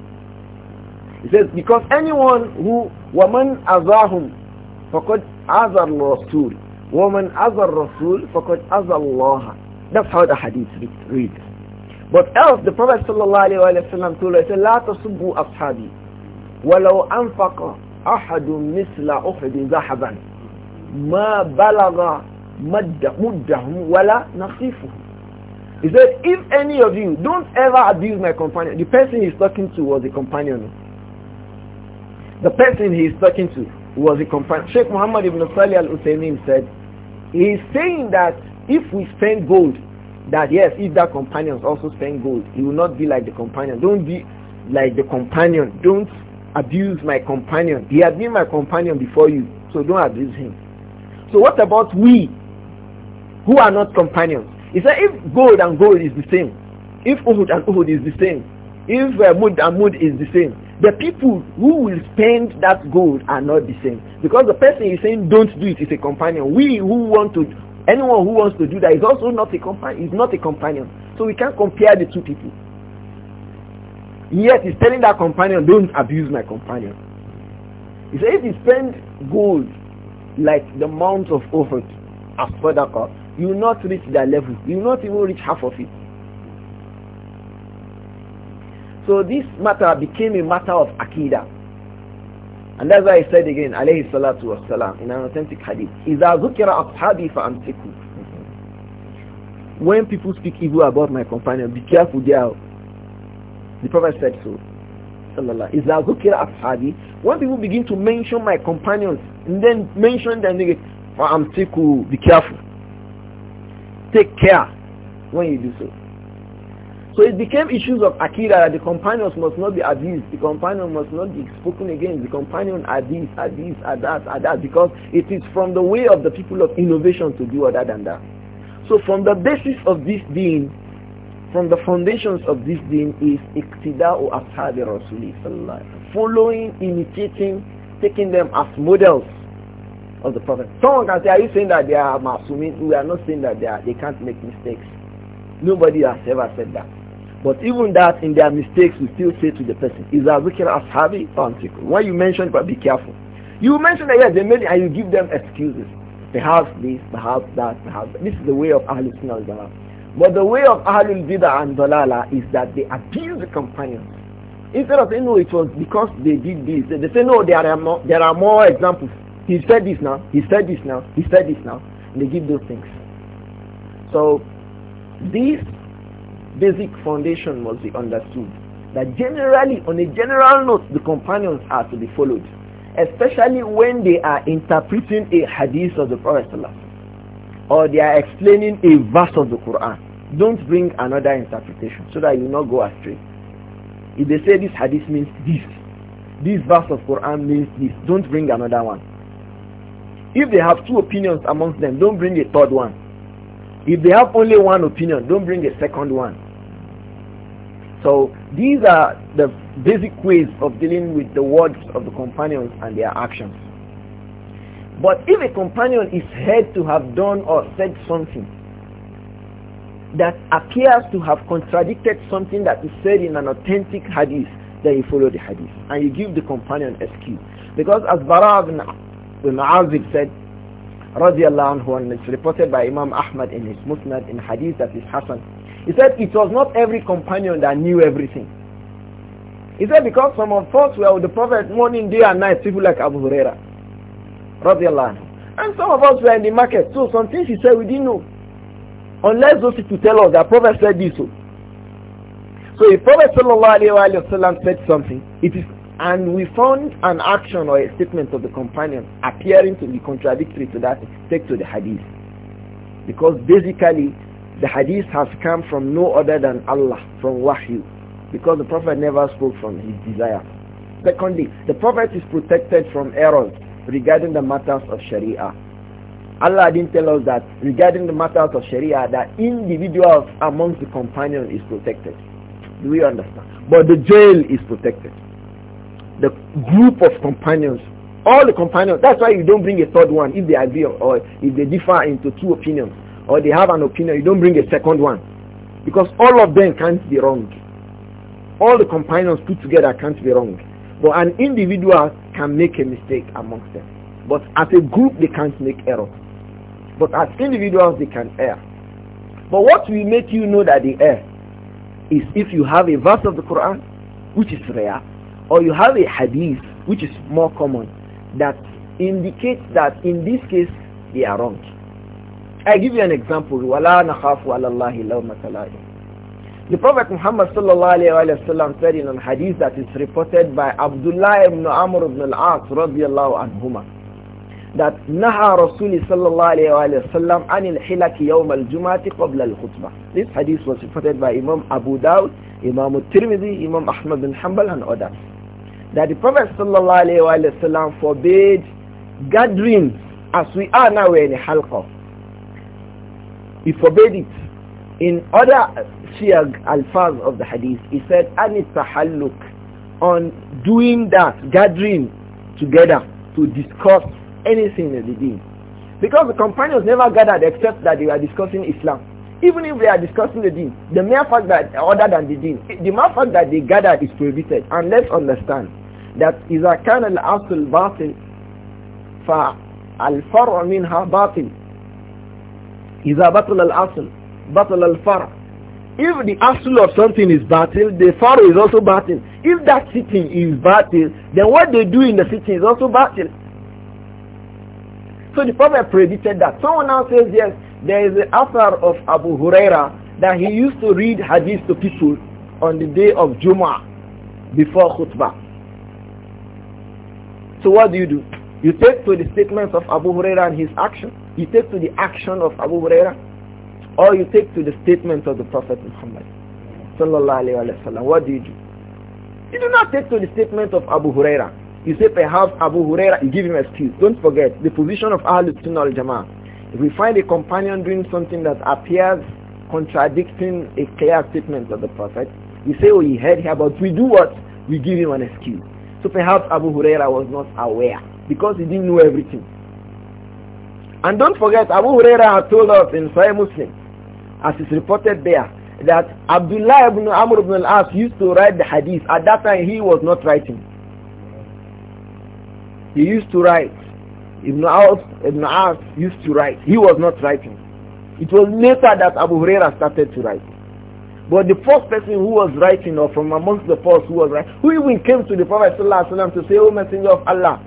He says, because anyone who, وَمَنْ أَذَاهُمْ فَقَدْ أَذَى الرَّسُولِ وَمَنْ أَذَى الرَّسُولِ فَقَدْ أَذَى اللَّهَ That's how the hadith reads. But else, the Prophet sallallahu alayhi wa told us, لَا تَصُبُّوا أَصْحَابِي وَلَوْ أَنْفَقَ أَحَدٌ مِثْلَ أُحْدٍ ذَهَبًا مَا بَلَغَ مُدَّهُمْ وَلَا نَصِيفُهُمْ He said, if any of you, don't ever abuse my companion. The person he's talking to was a companion. The person he's talking to was a companion. Sheikh Muhammad ibn Salih al-Uthaymeen said, he's saying that if we spend gold that yes, if that is also spend gold, he will not be like the companion. Don't be like the companion. Don't abuse my companion. He has been my companion before you, so don't abuse him. So what about we who are not companions? He said if gold and gold is the same, if Uhud and Uhud is the same, if uh, Mud and Mud is the same, the people who will spend that gold are not the same. Because the person is saying don't do it is a companion. We who want to Anyone who wants to do that is also not a companion. Is not a companion. So we can't compare the two people. Yet he's telling that companion, don't abuse my companion. He says if you spend gold like the amount of Uhud as sadaqah, you will not reach that level. You will not even reach half of it. So this matter became a matter of akida. And that's why I said again, alayhi salatu wasalam, in an authentic hadith, إِذَا ذُكِرَ أَصْحَابِي فَأَمْسِكُوا When people speak evil about my companion, be careful there. The Prophet said so. إِذَا ذُكِرَ أَصْحَابِي When people begin to mention my companions, and then mention them again, فَأَمْسِكُوا Be careful. Take care when you do so. So it became issues of Akira that the companions must not be abused, the companion must not be spoken against, the companion are this, are this, are that, are that, because it is from the way of the people of innovation to do other than that. So from the basis of this being, from the foundations of this deen is iqtida'u ashabi rasuli following, imitating, taking them as models of the Prophet. Someone can say, are you saying that they are masumin? We are not saying that they, are, they can't make mistakes. Nobody has ever said that. But even that, in their mistakes, we still say to the person, is that a zikr ashabi antikum. When you mention, but be careful. You mention that, yes, they made it, and you give them excuses. Perhaps this, perhaps that, perhaps that. This is the way of Ahlul Sunnah al But the way of Ahlul Bidah and Dalala is that they abuse the companions. Instead of saying, no, it was because they did this, they say, no, there are more, there are more examples. He said this now, he said this now, he said this now. And they give those things. So, this basic foundation must be understood. That generally, on a general note, the companions are to be followed, especially when they are interpreting a hadith of the Prophet or they are explaining a verse of the Quran. Don't bring another interpretation so that you not go astray. If they say this hadith means this, this verse of Quran means this, don't bring another one. If they have two opinions amongst them, don't bring a third one. If they have only one opinion, don't bring a second one. So these are the basic ways of dealing with the words of the companions and their actions. But if a companion is said to have done or said something that appears to have contradicted something that is said in an authentic hadith, then you follow the hadith and you give the companion excuse. Because as Bara ibn, ibn Azib said, radiallahu anhu, and it's reported by Imam Ahmad in his Musnad in hadith that is Hassan, he said it was not every companion that knew everything. He said because some of us were with the Prophet morning, day and night, people like Abu Huraira. And some of us were in the market, so some things he said we didn't know. Unless those people tell us that Prophet said this. So, so if Prophet wasallam said something, it is and we found an action or a statement of the companion appearing to be contradictory to that take to the hadith. Because basically the hadith has come from no other than Allah, from Wahyu, because the Prophet never spoke from his desire. Secondly, the Prophet is protected from errors regarding the matters of Sharia. Allah didn't tell us that regarding the matters of Sharia, that individuals amongst the companion is protected. Do we understand? But the jail is protected. The group of companions, all the companions, that's why you don't bring a third one if they agree or if they differ into two opinions or they have an opinion, you don't bring a second one. Because all of them can't be wrong. All the companions put together can't be wrong. But an individual can make a mistake amongst them. But as a group, they can't make error. But as individuals, they can err. But what will make you know that they err is if you have a verse of the Quran, which is rare, or you have a hadith, which is more common, that indicates that in this case, they are wrong. I give you an example. وَلَا نَخَافُ عَلَى اللَّهِ لَوْمَةَ The Prophet Muhammad sallallahu alayhi wa said in a hadith that is reported by Abdullah ibn Amr ibn al-As radiyallahu anhuma that Naha رسول sallallahu الله عليه anil عن al يوم الجمعة قبل This hadith was reported by Imam Abu Dawud, Imam tirmidhi Imam Ahmad bin Hanbal and others. That the Prophet sallallahu alayhi wa sallam forbade gatherings as we are now in a halqa he forbade it. In other shiag al of the hadith, he said, Anit tahalluk, on doing that, gathering together to discuss anything in the deen. Because the companions never gathered except that they were discussing Islam. Even if they are discussing the deen, the mere fact that, other than the deen, the mere fact that they gathered is prohibited. And let's understand that إذا كان الأصل باطل فالفرع منها باطل is a al-Asl, battle al-Far. if the asl of something is battle, the Far is also battle. If that sitting is battle, then what they do in the sitting is also battle. So the prophet predicted that. Someone now says, yes, there is an author of Abu Huraira that he used to read hadith to people on the day of Jum'ah before khutbah. So what do you do? You take to the statements of Abu Huraira and his actions. You take to the action of Abu Huraira or you take to the statement of the Prophet Muhammad sallallahu What do you do? You do not take to the statement of Abu Huraira. You say perhaps Abu Huraira, you give him excuse. Don't forget the position of Ahlul Sunnah al-Jama'ah. If we find a companion doing something that appears contradicting a clear statement of the Prophet, we say, oh, he heard here, but we do what? We give him an excuse. So perhaps Abu Huraira was not aware because he didn't know everything. And don't forget, Abu Huraira had told us in Sahih Muslim, as is reported there, that Abdullah ibn Amr ibn al-As used to write the hadith. At that time, he was not writing. He used to write. Ibn Aus, Ibn As used to write. He was not writing. It was later that Abu Huraira started to write. But the first person who was writing or from amongst the first who was writing, who even came to the Prophet ﷺ to say, O Messenger of Allah,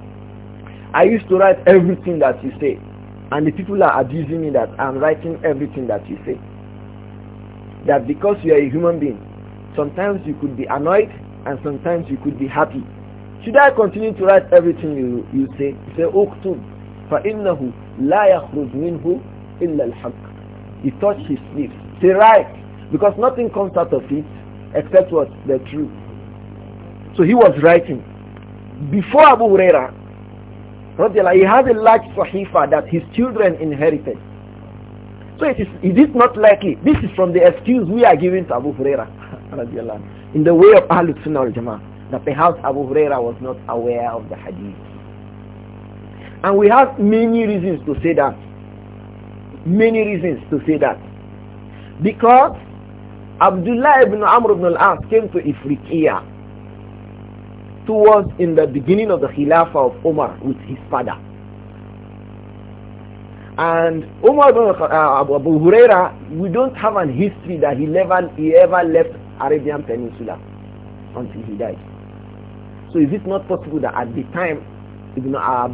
I used to write everything that you say. And the people are abusing me that I'm writing everything that you say. That because you are a human being, sometimes you could be annoyed and sometimes you could be happy. Should I continue to write everything you, you say? say, Uktub, فَإِنَّهُ لَا يَخْرُجْ مِنْهُ إِلَّا الْحَقِّ He touched his lips. Say, right, because nothing comes out of it except what? The truth. So he was writing. Before Abu Huraira, he has a large sahifa that his children inherited. So it is, Is it not likely. This is from the excuse we are giving to Abu Huraira in the way of Ahlul Sunnah al-Jama'ah that perhaps Abu Huraira was not aware of the hadith. And we have many reasons to say that. Many reasons to say that. Because Abdullah ibn Amr ibn al-As came to Ifriqiya towards in the beginning of the Khilafah of Omar with his father. And Umar uh, Abu Huraira, we don't have an history that he never, he ever left Arabian Peninsula until he died. So is it not possible that at the time Ibn